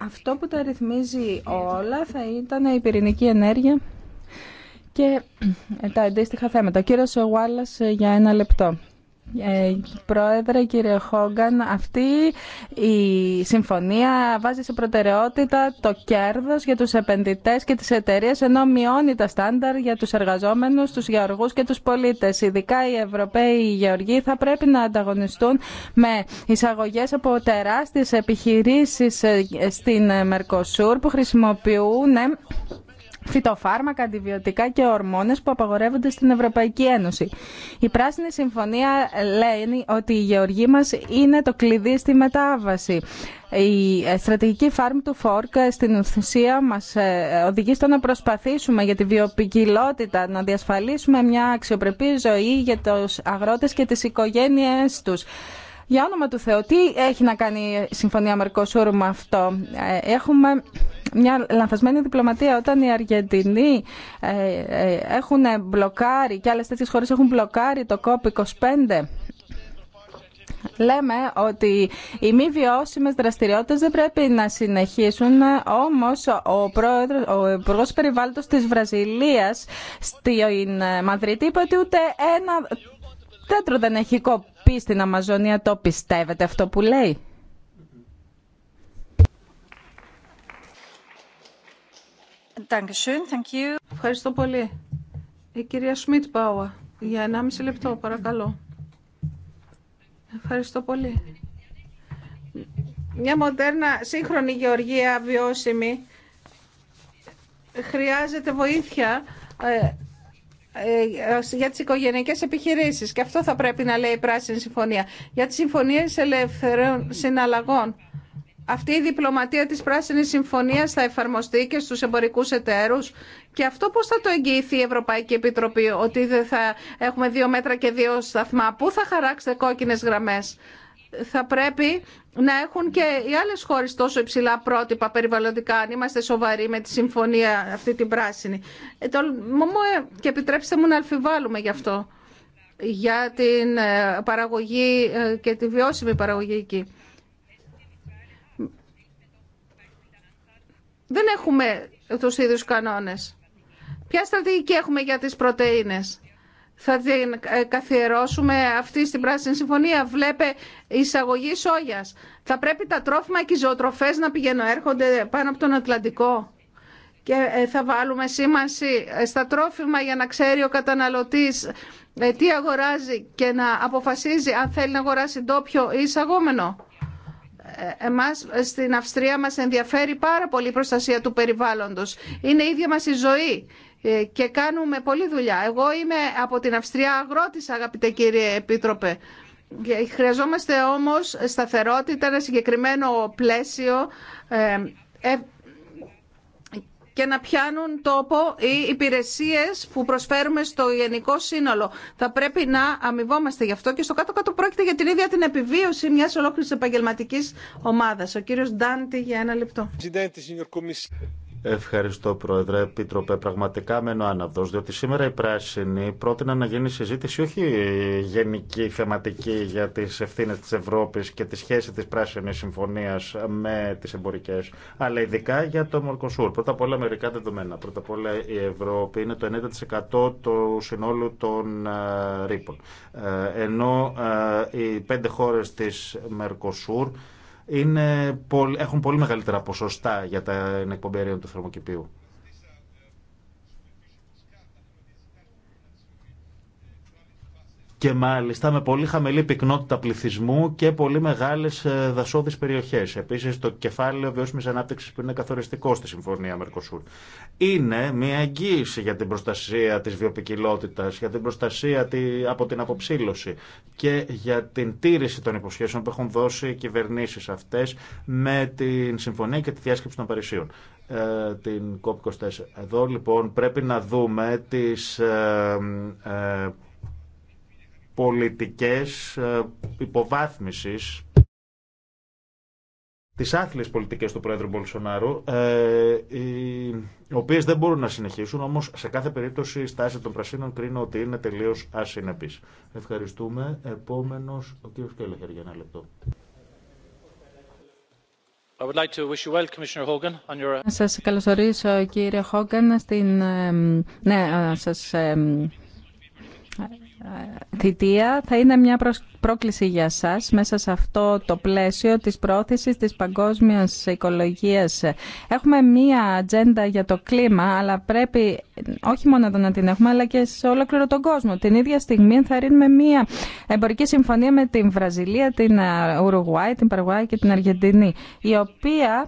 Αυτό που τα ρυθμίζει όλα θα ήταν η πυρηνική ενέργεια και ε, τα αντίστοιχα θέματα. Ο κύριος Ουάλλας ε, για ένα λεπτό. Ε, πρόεδρε, κύριε Χόγκαν, αυτή η συμφωνία βάζει σε προτεραιότητα το κέρδος για τους επενδυτές και τις εταιρείες, ενώ μειώνει τα στάνταρ για τους εργαζόμενους, τους γεωργούς και τους πολίτες. Ειδικά οι Ευρωπαίοι γεωργοί θα πρέπει να ανταγωνιστούν με εισαγωγές από τεράστιες επιχειρήσεις στην Μερκοσούρ που χρησιμοποιούν φυτοφάρμακα, αντιβιωτικά και ορμόνες που απαγορεύονται στην Ευρωπαϊκή Ένωση. Η Πράσινη Συμφωνία λέει ότι η γεωργία μας είναι το κλειδί στη μετάβαση. Η ε, στρατηγική Farm to Fork στην ουσία μας ε, οδηγεί στο να προσπαθήσουμε για τη βιοπικιλότητα, να διασφαλίσουμε μια αξιοπρεπή ζωή για τους αγρότες και τις οικογένειές τους. Για όνομα του Θεού, τι έχει να κάνει η Συμφωνία Μερκοσούρου με αυτό. Ε, έχουμε μια λανθασμένη διπλωματία όταν οι Αργεντινοί ε, ε, έχουν μπλοκάρει και άλλες τέτοιες χώρες έχουν μπλοκάρει το COP25 Λέμε ότι οι μη βιώσιμες δραστηριότητες δεν πρέπει να συνεχίσουν, όμως ο, πρόεδρος, ο Υπουργός Περιβάλλοντος της Βραζιλίας στην Μαδρίτη είπε ότι ούτε ένα Τέτρο δεν έχει κοπεί στην Αμαζονία. Το πιστεύετε αυτό που λέει. Ευχαριστώ πολύ. Η κυρία Σμιτ Πάουα, για 1,5 λεπτό παρακαλώ. Ευχαριστώ πολύ. Μια μοντέρνα σύγχρονη γεωργία βιώσιμη χρειάζεται βοήθεια ε, ε, για τις οικογενειακές επιχειρήσεις και αυτό θα πρέπει να λέει η Πράσινη Συμφωνία για τις συμφωνίες ελευθερών συναλλαγών. Αυτή η διπλωματία της Πράσινης Συμφωνίας θα εφαρμοστεί και στους εμπορικούς εταίρους και αυτό πώς θα το εγγυηθεί η Ευρωπαϊκή Επιτροπή ότι δεν θα έχουμε δύο μέτρα και δύο σταθμά. Πού θα χαράξετε κόκκινες γραμμές θα πρέπει να έχουν και οι άλλες χώρες τόσο υψηλά πρότυπα περιβαλλοντικά, αν είμαστε σοβαροί με τη συμφωνία αυτή την πράσινη. Ε, ε, και επιτρέψτε μου να αλφιβάλλουμε γι' αυτό, για την ε, παραγωγή και τη βιώσιμη παραγωγή εκεί. Δεν έχουμε τους ίδιους κανόνες. Ποια στρατηγική έχουμε για τις πρωτεΐνες θα την ε, καθιερώσουμε αυτή στην Πράσινη Συμφωνία. Βλέπε εισαγωγή σόγιας. Θα πρέπει τα τρόφιμα και οι ζωοτροφές να πηγαίνουν έρχονται πάνω από τον Ατλαντικό. Και ε, θα βάλουμε σήμανση ε, στα τρόφιμα για να ξέρει ο καταναλωτής τι αγοράζει και να αποφασίζει αν θέλει να αγοράσει ντόπιο ή εισαγόμενο. Εμάς στην Αυστρία μας ενδιαφέρει πάρα πολύ η προστασία του περιβάλλοντος. Είναι η ίδια μας η ζωή. Ε, και κάνουμε πολλή δουλειά. Εγώ είμαι από την Αυστρία αγρότης, αγαπητέ κύριε Επίτροπε. Ε, χρειαζόμαστε όμως σταθερότητα, ένα συγκεκριμένο πλαίσιο ε, και να πιάνουν τόπο οι υπηρεσίες που προσφέρουμε στο γενικό σύνολο. Θα πρέπει να αμοιβόμαστε γι' αυτό και στο κάτω-κάτω πρόκειται για την ίδια την επιβίωση μιας ολόκληρης επαγγελματικής ομάδας. Ο κύριος Ντάντι για ένα λεπτό. Ευχαριστώ, Πρόεδρε. Επίτροπε, πραγματικά μένω άναυδο, διότι σήμερα η πράσινη πρότεινα να γίνει συζήτηση όχι γενική, θεματική για τι ευθύνε τη Ευρώπη και τη σχέση τη πράσινη συμφωνία με τι εμπορικέ, αλλά ειδικά για το Μορκοσούρ. Πρώτα απ' όλα, μερικά δεδομένα. Πρώτα απ' όλα, η Ευρώπη είναι το 90% του συνόλου των ε, ρήπων. Ε, ενώ ε, οι πέντε χώρε τη Μερκοσούρ είναι, έχουν πολύ μεγαλύτερα ποσοστά για τα εκπομπή του θερμοκηπίου. και μάλιστα με πολύ χαμηλή πυκνότητα πληθυσμού και πολύ μεγάλε ε, δασόδει περιοχέ. Επίση, το κεφάλαιο βιώσιμη ανάπτυξη που είναι καθοριστικό στη Συμφωνία Μερκοσούρ. Είναι μια εγγύηση για την προστασία τη βιοπικιλότητα, για την προστασία από την αποψήλωση και για την τήρηση των υποσχέσεων που έχουν δώσει οι κυβερνήσει αυτέ με την Συμφωνία και τη Διάσκεψη των Παρισίων ε, την COP24. Εδώ λοιπόν πρέπει να δούμε τις ε, ε πολιτικές ε, υποβάθμισης τι άθλιε πολιτικέ του Πρόεδρου Μπολσονάρου, ε, οι οποίε δεν μπορούν να συνεχίσουν, όμω σε κάθε περίπτωση η στάση των Πρασίνων κρίνω ότι είναι τελείω ασυνεπή. Ευχαριστούμε. Επόμενο, ο κύριος Κέλεχερ, για ένα λεπτό. Σας καλωσορίζω, καλωσορίσω, κύριε Χόγκαν, στην ε, ναι, σας θητεία θα είναι μια προσ πρόκληση για σας μέσα σε αυτό το πλαίσιο της πρόθεσης της παγκόσμιας οικολογίας. Έχουμε μία ατζέντα για το κλίμα, αλλά πρέπει όχι μόνο εδώ να την έχουμε, αλλά και σε ολόκληρο τον κόσμο. Την ίδια στιγμή θα ρίνουμε μία εμπορική συμφωνία με την Βραζιλία, την ε, Ουρουγουάη, την Παραγουάη και την Αργεντινή, η οποία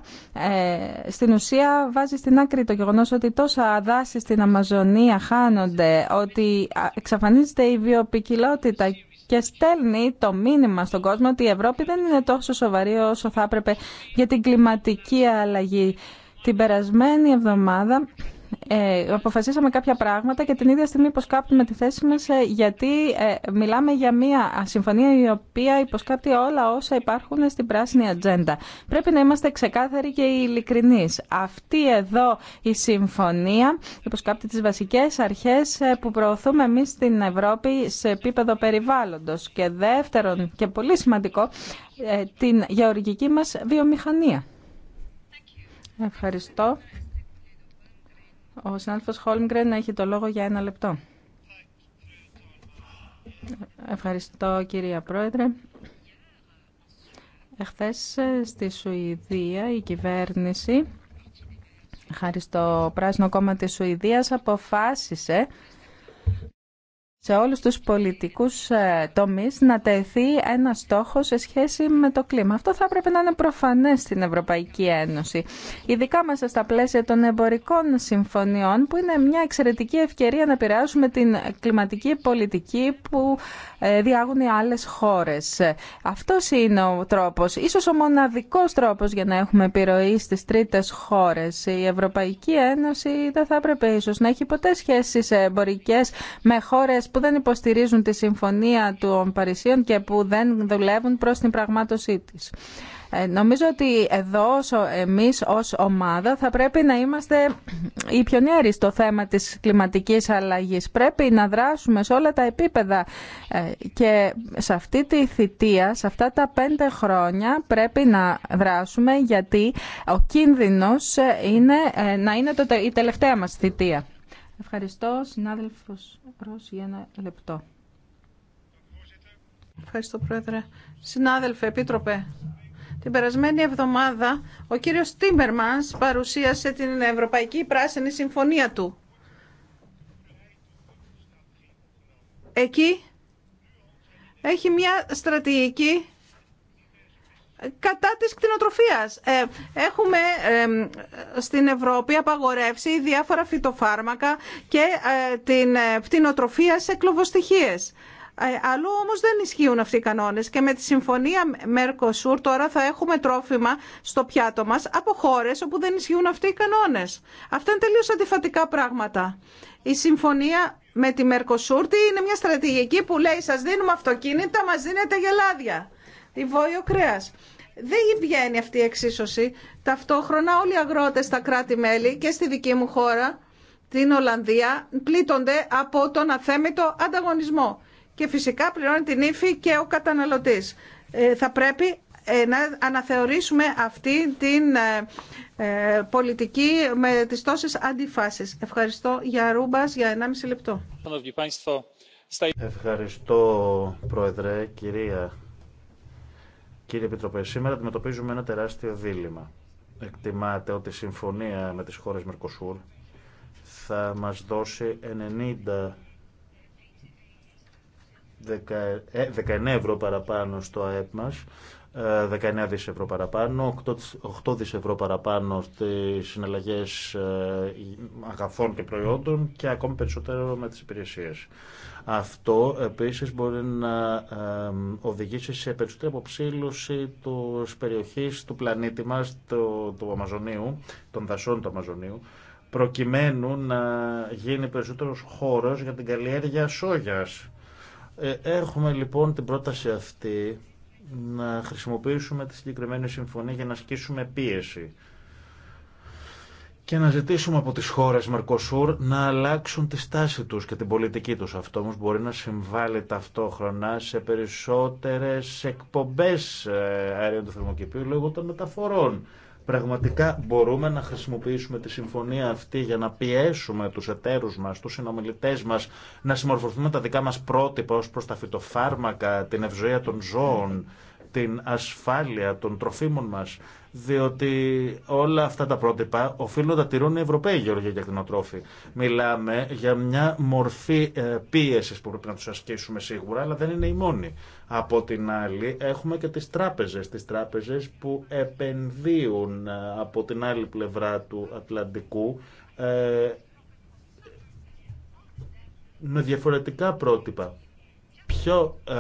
ε, στην ουσία βάζει στην άκρη το γεγονός ότι τόσα δάση στην Αμαζονία χάνονται, ότι εξαφανίζεται η βιοπικιλότητα και στέλνει το μήνυμα στον κόσμο ότι η Ευρώπη δεν είναι τόσο σοβαρή όσο θα έπρεπε για την κλιματική αλλαγή. Την περασμένη εβδομάδα ε, αποφασίσαμε κάποια πράγματα και την ίδια στιγμή υποσκάπτουμε τη θέση μας ε, γιατί ε, μιλάμε για μια συμφωνία η οποία υποσκάπτει όλα όσα υπάρχουν στην πράσινη ατζέντα. Πρέπει να είμαστε ξεκάθαροι και ειλικρινεί. Αυτή εδώ η συμφωνία υποσκάπτει τις βασικές αρχές ε, που προωθούμε εμείς στην Ευρώπη σε επίπεδο περιβάλλοντος και δεύτερον και πολύ σημαντικό την γεωργική μας βιομηχανία. Ευχαριστώ. Ο συνάδελφος Χόλμγκρεν έχει το λόγο για ένα λεπτό. Ευχαριστώ κυρία Πρόεδρε. Εχθές ε, στη Σουηδία η κυβέρνηση, χάρη στο Πράσινο Κόμμα της Σουηδίας, αποφάσισε σε όλους τους πολιτικούς ε, τομείς να τεθεί ένα στόχο σε σχέση με το κλίμα. Αυτό θα έπρεπε να είναι προφανές στην Ευρωπαϊκή Ένωση. Ειδικά μέσα στα πλαίσια των εμπορικών συμφωνιών που είναι μια εξαιρετική ευκαιρία να επηρεάσουμε την κλιματική πολιτική που ε, διάγουν οι άλλες χώρες. Αυτός είναι ο τρόπος, ίσως ο μοναδικός τρόπος για να έχουμε επιρροή στις τρίτες χώρες. Η Ευρωπαϊκή Ένωση δεν θα έπρεπε ίσως να έχει ποτέ σχέσεις εμπορικές με χώρες που δεν υποστηρίζουν τη Συμφωνία των Παρισίων και που δεν δουλεύουν προς την πραγμάτωσή της. Ε, νομίζω ότι εδώ εμείς ως ομάδα θα πρέπει να είμαστε οι πιονέροι στο θέμα της κλιματικής αλλαγής. Πρέπει να δράσουμε σε όλα τα επίπεδα ε, και σε αυτή τη θητεία, σε αυτά τα πέντε χρόνια πρέπει να δράσουμε γιατί ο κίνδυνος ε, είναι να είναι η τελευταία μας θητεία. Ευχαριστώ, συνάδελφος Ρος, για ένα λεπτό. Ευχαριστώ, Πρόεδρε. Συνάδελφε, Επίτροπε, την περασμένη εβδομάδα ο κύριος Τίμερμανς παρουσίασε την Ευρωπαϊκή Πράσινη Συμφωνία του. Εκεί έχει μια στρατηγική κατά της κτηνοτροφίας. Ε, έχουμε ε, στην Ευρώπη απαγορεύσει διάφορα φυτοφάρμακα και ε, την κτηνοτροφία σε κλωβοστοιχίες. Αλλού όμως δεν ισχύουν αυτοί οι κανόνες και με τη συμφωνία Mercosur τώρα θα έχουμε τρόφιμα στο πιάτο μας από χώρες όπου δεν ισχύουν αυτοί οι κανόνες. Αυτά είναι τελείως αντιφατικά πράγματα. Η συμφωνία με τη Mercosur είναι μια στρατηγική που λέει σας δίνουμε αυτοκίνητα, μας δίνετε γελάδια. Τη Βόλιο Κρέας δεν βγαίνει αυτή η εξίσωση. Ταυτόχρονα όλοι οι αγρότες στα κράτη-μέλη και στη δική μου χώρα, την Ολλανδία, πλήττονται από τον αθέμητο ανταγωνισμό. Και φυσικά πληρώνει την ύφη και ο καταναλωτής. Ε, θα πρέπει ε, να αναθεωρήσουμε αυτή την ε, πολιτική με τις τόσες αντιφάσεις. Ευχαριστώ για Ρούμπας για 1,5 λεπτό. Ευχαριστώ Πρόεδρε, κυρία Κύριε Επιτροπέ, σήμερα αντιμετωπίζουμε ένα τεράστιο δίλημα. Εκτιμάται ότι η συμφωνία με τις χώρες Μερκοσούρ θα μας δώσει 90 19 ε, ευρώ παραπάνω στο ΑΕΠ μας 19 δις ευρώ παραπάνω, 8 δις ευρώ παραπάνω στις συναλλαγές ε, αγαθών και προϊόντων και ακόμη περισσότερο με τις υπηρεσίες. Αυτό επίσης μπορεί να οδηγήσει σε περισσότερη αποψήλωση της περιοχής του πλανήτη μας, του, του Αμαζονίου, των δασών του Αμαζονίου, προκειμένου να γίνει περισσότερος χώρος για την καλλιέργεια σόγιας. Ε, έχουμε λοιπόν την πρόταση αυτή να χρησιμοποιήσουμε τη συγκεκριμένη συμφωνία για να ασκήσουμε πίεση και να ζητήσουμε από τις χώρες Μαρκοσούρ να αλλάξουν τη στάση τους και την πολιτική τους. Αυτό όμως μπορεί να συμβάλλει ταυτόχρονα σε περισσότερες εκπομπές ε, αέριων του θερμοκηπίου λόγω των μεταφορών. Πραγματικά μπορούμε να χρησιμοποιήσουμε τη συμφωνία αυτή για να πιέσουμε τους εταίρους μας, τους συνομιλητές μας, να συμμορφωθούμε τα δικά μας πρότυπα ως προς τα φυτοφάρμακα, την ευζοία των ζώων, την ασφάλεια των τροφίμων μας, διότι όλα αυτά τα πρότυπα οφείλουν να τα τηρούν οι Ευρωπαίοι γεωργοί και ακτινοτρόφοι. Μιλάμε για μια μορφή ε, πίεση που πρέπει να του ασκήσουμε σίγουρα, αλλά δεν είναι η μόνη. Από την άλλη έχουμε και τι τράπεζε, τις τράπεζες που επενδύουν ε, από την άλλη πλευρά του Ατλαντικού ε, με διαφορετικά πρότυπα Ποιο ε,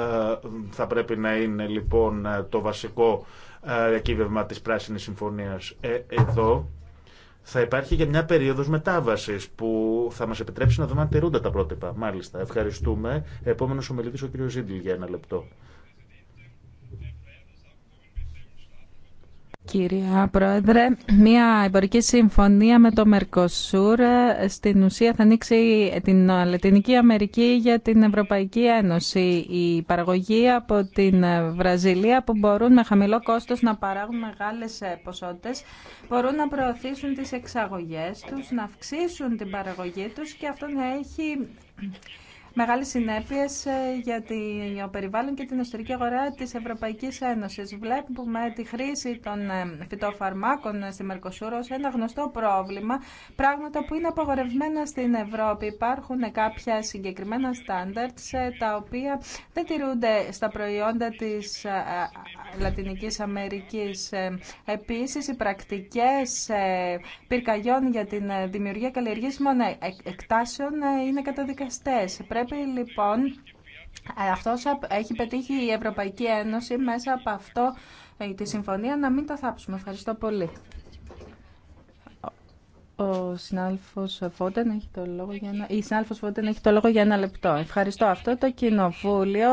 θα πρέπει να είναι λοιπόν ε, το βασικό ε, διακύβευμα της Πράσινης Συμφωνίας εδώ θα υπάρχει και μια περίοδος μετάβασης που θα μας επιτρέψει να δούμε αν τηρούνται τα πρότυπα. Μάλιστα, ευχαριστούμε. Επόμενος ομιλητής ο κ. Ζήντλ για ένα λεπτό. Κυρία Πρόεδρε, μια εμπορική συμφωνία με το Μερκοσούρ ε, στην ουσία θα ανοίξει την Λατινική Αμερική για την Ευρωπαϊκή Ένωση. Η παραγωγή από την Βραζιλία που μπορούν με χαμηλό κόστος να παράγουν μεγάλες ε, ποσότητες μπορούν να προωθήσουν τις εξαγωγές τους, να αυξήσουν την παραγωγή τους και αυτό να έχει μεγάλες συνέπειες ε, για το περιβάλλον και την εσωτερική αγορά τη Ευρωπαϊκής Ένωσης. Βλέπουμε τη χρήση των ε, φυτοφαρμάκων στη Μερκοσούρο ως ένα γνωστό πρόβλημα, πράγματα που είναι απογορευμένα στην Ευρώπη. Υπάρχουν κάποια συγκεκριμένα στάνταρτς ε, τα οποία δεν τηρούνται στα προϊόντα της Λατινικής Αμερικής. Επίσης, οι πρακτικές πυρκαγιών για την δημιουργία καλλιεργήσιμων εκτάσεων είναι καταδικαστές πρέπει λοιπόν ε, αυτό έχει πετύχει η Ευρωπαϊκή Ένωση μέσα από αυτό ε, τη συμφωνία να μην τα θάψουμε. Ευχαριστώ πολύ. Ο συνάδελφος Φόντεν έχει το λόγο για ένα... Η συνάδελφο Φόντεν έχει το λόγο για ένα λεπτό. Ευχαριστώ. Αυτό το κοινοβούλιο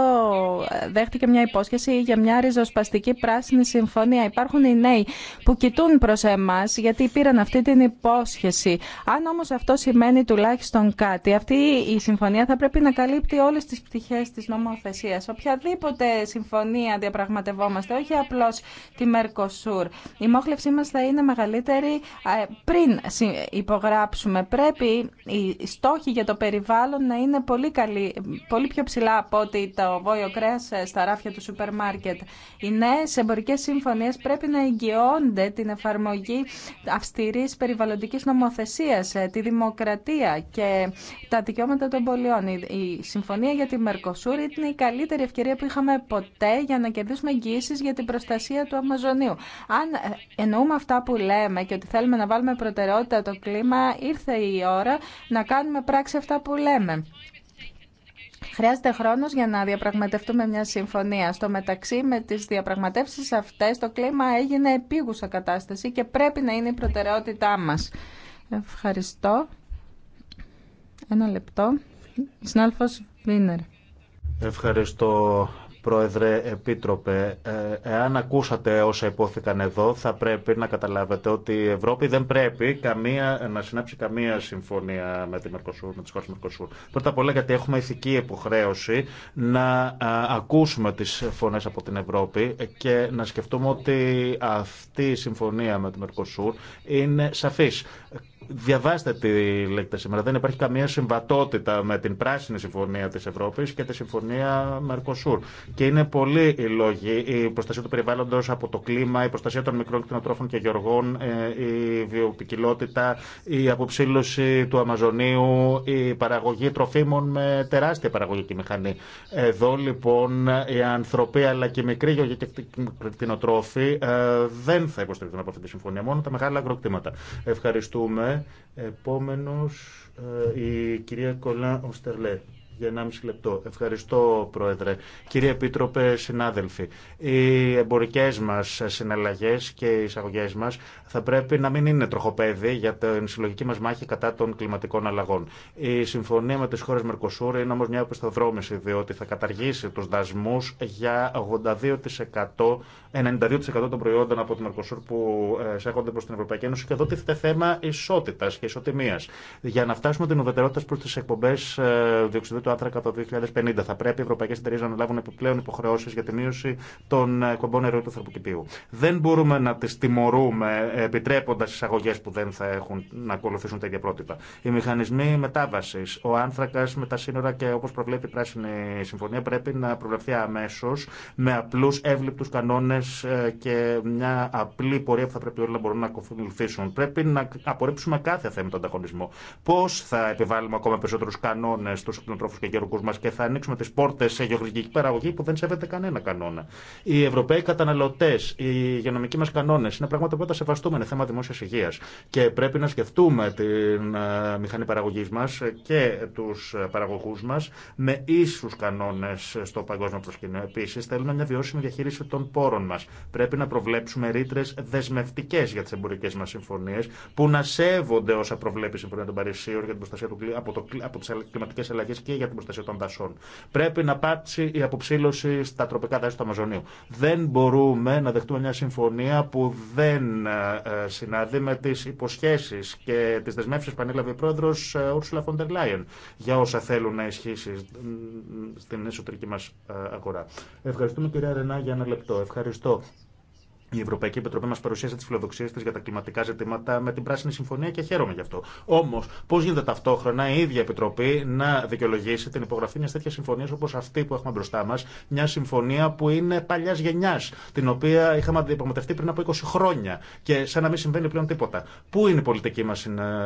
ε, δέχτηκε μια υπόσχεση για μια ριζοσπαστική πράσινη συμφωνία. Υπάρχουν οι νέοι που κοιτούν προς εμάς γιατί πήραν αυτή την υπόσχεση. Αν όμως αυτό σημαίνει τουλάχιστον κάτι, αυτή η συμφωνία θα πρέπει να καλύπτει όλες τις πτυχές της νομοθεσίας. Οποιαδήποτε συμφωνία διαπραγματευόμαστε, όχι απλώς τη Μερκοσούρ. Η μόχλευσή μα θα είναι μεγαλύτερη ε, πριν υπογράψουμε. Πρέπει οι στόχοι για το περιβάλλον να είναι πολύ, καλή, πολύ πιο ψηλά από ότι το βόλιο κρέα στα ράφια του σούπερ μάρκετ. Οι νέες εμπορικέ συμφωνίε πρέπει να εγγυώνται την εφαρμογή αυστηρή περιβαλλοντική νομοθεσία, ε, τη δημοκρατία και τα δικαιώματα των πολιών. Η συμφωνία για τη Μερκοσούρ ήταν η καλύτερη ευκαιρία που είχαμε ποτέ για να κερδίσουμε εγγυήσει για την προστασία του Αμαζονίου. Αν ε, εννοούμε αυτά που λέμε και ότι θέλουμε να βάλουμε προτεραιότητα το κλίμα, ήρθε η ώρα να κάνουμε πράξη αυτά που λέμε. Χρειάζεται χρόνος για να διαπραγματευτούμε μια συμφωνία. Στο μεταξύ με τις διαπραγματεύσεις αυτές το κλίμα έγινε επίγουσα κατάσταση και πρέπει να είναι η προτεραιότητά μας. Ευχαριστώ. Ένα λεπτό. Συνάλφος Βίνερ. Ευχαριστώ Πρόεδρε, Επίτροπε, ε, εάν ακούσατε όσα υπόθηκαν εδώ, θα πρέπει να καταλάβετε ότι η Ευρώπη δεν πρέπει καμία, να συνάψει καμία συμφωνία με, τη Μερκοσούρ, με τις χώρες Μερκοσούρ. Πρώτα απ' όλα γιατί έχουμε ηθική υποχρέωση να ακούσουμε τις φωνές από την Ευρώπη και να σκεφτούμε ότι αυτή η συμφωνία με τη Μερκοσούρ είναι σαφής Διαβάστε τη λέγεται σήμερα. Δεν υπάρχει καμία συμβατότητα με την πράσινη συμφωνία τη Ευρώπη και τη συμφωνία Μερκοσούρ. Και είναι πολλοί οι λόγοι. Η προστασία του περιβάλλοντο από το κλίμα, η προστασία των μικρών κτηνοτρόφων και γεωργών, ε, η βιοπικιλότητα, η αποψήλωση του Αμαζονίου, η παραγωγή τροφίμων με τεράστια παραγωγική μηχανή. Εδώ λοιπόν η ανθρωποί αλλά και οι μικροί γεωργοί και ε, δεν θα υποστηριχθούν από αυτή τη συμφωνία, μόνο τα μεγάλα αγροκτήματα. Ευχαριστούμε. Επόμενος ε, η κυρία Κολά Οστερλέ για 1,5 λεπτό. Ευχαριστώ, Πρόεδρε. Κύριε Επίτροπε, συνάδελφοι, οι εμπορικέ μα συναλλαγέ και οι εισαγωγέ μα θα πρέπει να μην είναι τροχοπέδι για την συλλογική μα μάχη κατά των κλιματικών αλλαγών. Η συμφωνία με τι χώρε Μερκοσούρ είναι όμω μια οπισθοδρόμηση, διότι θα καταργήσει του δασμού για 82%, 92% των προϊόντων από τη Μερκοσούρ που ε, εισάγονται προ την Ευρωπαϊκή Ένωση. Και εδώ τίθεται θέμα ισότητα και ισοτιμία. Για να φτάσουμε την ουδετερότητα προ τι εκπομπέ ε, διοξιδίου του άνθρακα το 2050. Θα πρέπει οι ευρωπαϊκέ εταιρείε να αναλάβουν επιπλέον υποχρεώσει για τη μείωση των ε, κομπών νερού του θερμοκηπίου. Δεν μπορούμε να τι τιμωρούμε ε, επιτρέποντα εισαγωγέ που δεν θα έχουν να ακολουθήσουν τέτοια πρότυπα. Οι μηχανισμοί μετάβαση, ο άνθρακα με τα σύνορα και όπω προβλέπει η Πράσινη Συμφωνία πρέπει να προβλεφθεί αμέσω με απλού εύληπτου κανόνε ε, και μια απλή πορεία που θα πρέπει όλοι να μπορούν να ακολουθήσουν. Πρέπει να απορρίψουμε κάθε θέμα τον ανταγωνισμό. Πώ θα επιβάλλουμε ακόμα περισσότερου κανόνε στου και γεωργού μα και θα ανοίξουμε τι πόρτε σε γεωργική παραγωγή που δεν σέβεται κανένα κανόνα. Οι Ευρωπαίοι καταναλωτέ, οι υγειονομικοί μα κανόνε είναι πράγματα που θα σεβαστούμε, είναι θέμα δημόσια υγεία. Και πρέπει να σκεφτούμε την ε, μηχανή παραγωγή μα και του ε, παραγωγού μα με ίσου κανόνε στο παγκόσμιο προσκήνιο. Επίση, θέλουμε μια βιώσιμη διαχείριση των πόρων μα. Πρέπει να προβλέψουμε ρήτρε δεσμευτικέ για τι εμπορικέ μα συμφωνίε που να σέβονται όσα προβλέπει η Συμφωνία των Παρισίων για την προστασία του, από, το, από τι κλιματικέ αλλαγέ και για την προστασία των δασών. Πρέπει να πάψει η αποψήλωση στα τροπικά δάση του Αμαζονίου. Δεν μπορούμε να δεχτούμε μια συμφωνία που δεν ε, ε, συναντεί με τι υποσχέσει και τι δεσμεύσει που ανέλαβε η πρόεδρο ε, Ursula von der για όσα θέλουν να ισχύσει στην εσωτερική μα αγορά. Ευχαριστούμε κυρία Ρενά για ένα λεπτό. Ευχαριστώ. Η Ευρωπαϊκή Επιτροπή μα παρουσίασε τι φιλοδοξίε τη για τα κλιματικά ζητήματα με την Πράσινη Συμφωνία και χαίρομαι γι' αυτό. Όμω, πώ γίνεται ταυτόχρονα η ίδια Επιτροπή να δικαιολογήσει την υπογραφή μια τέτοια συμφωνία όπω αυτή που έχουμε μπροστά μα, μια συμφωνία που είναι παλιά γενιά, την οποία είχαμε αντιπραγματευτεί πριν από 20 χρόνια και σαν να μην συμβαίνει πλέον τίποτα. Πού είναι η πολιτική μα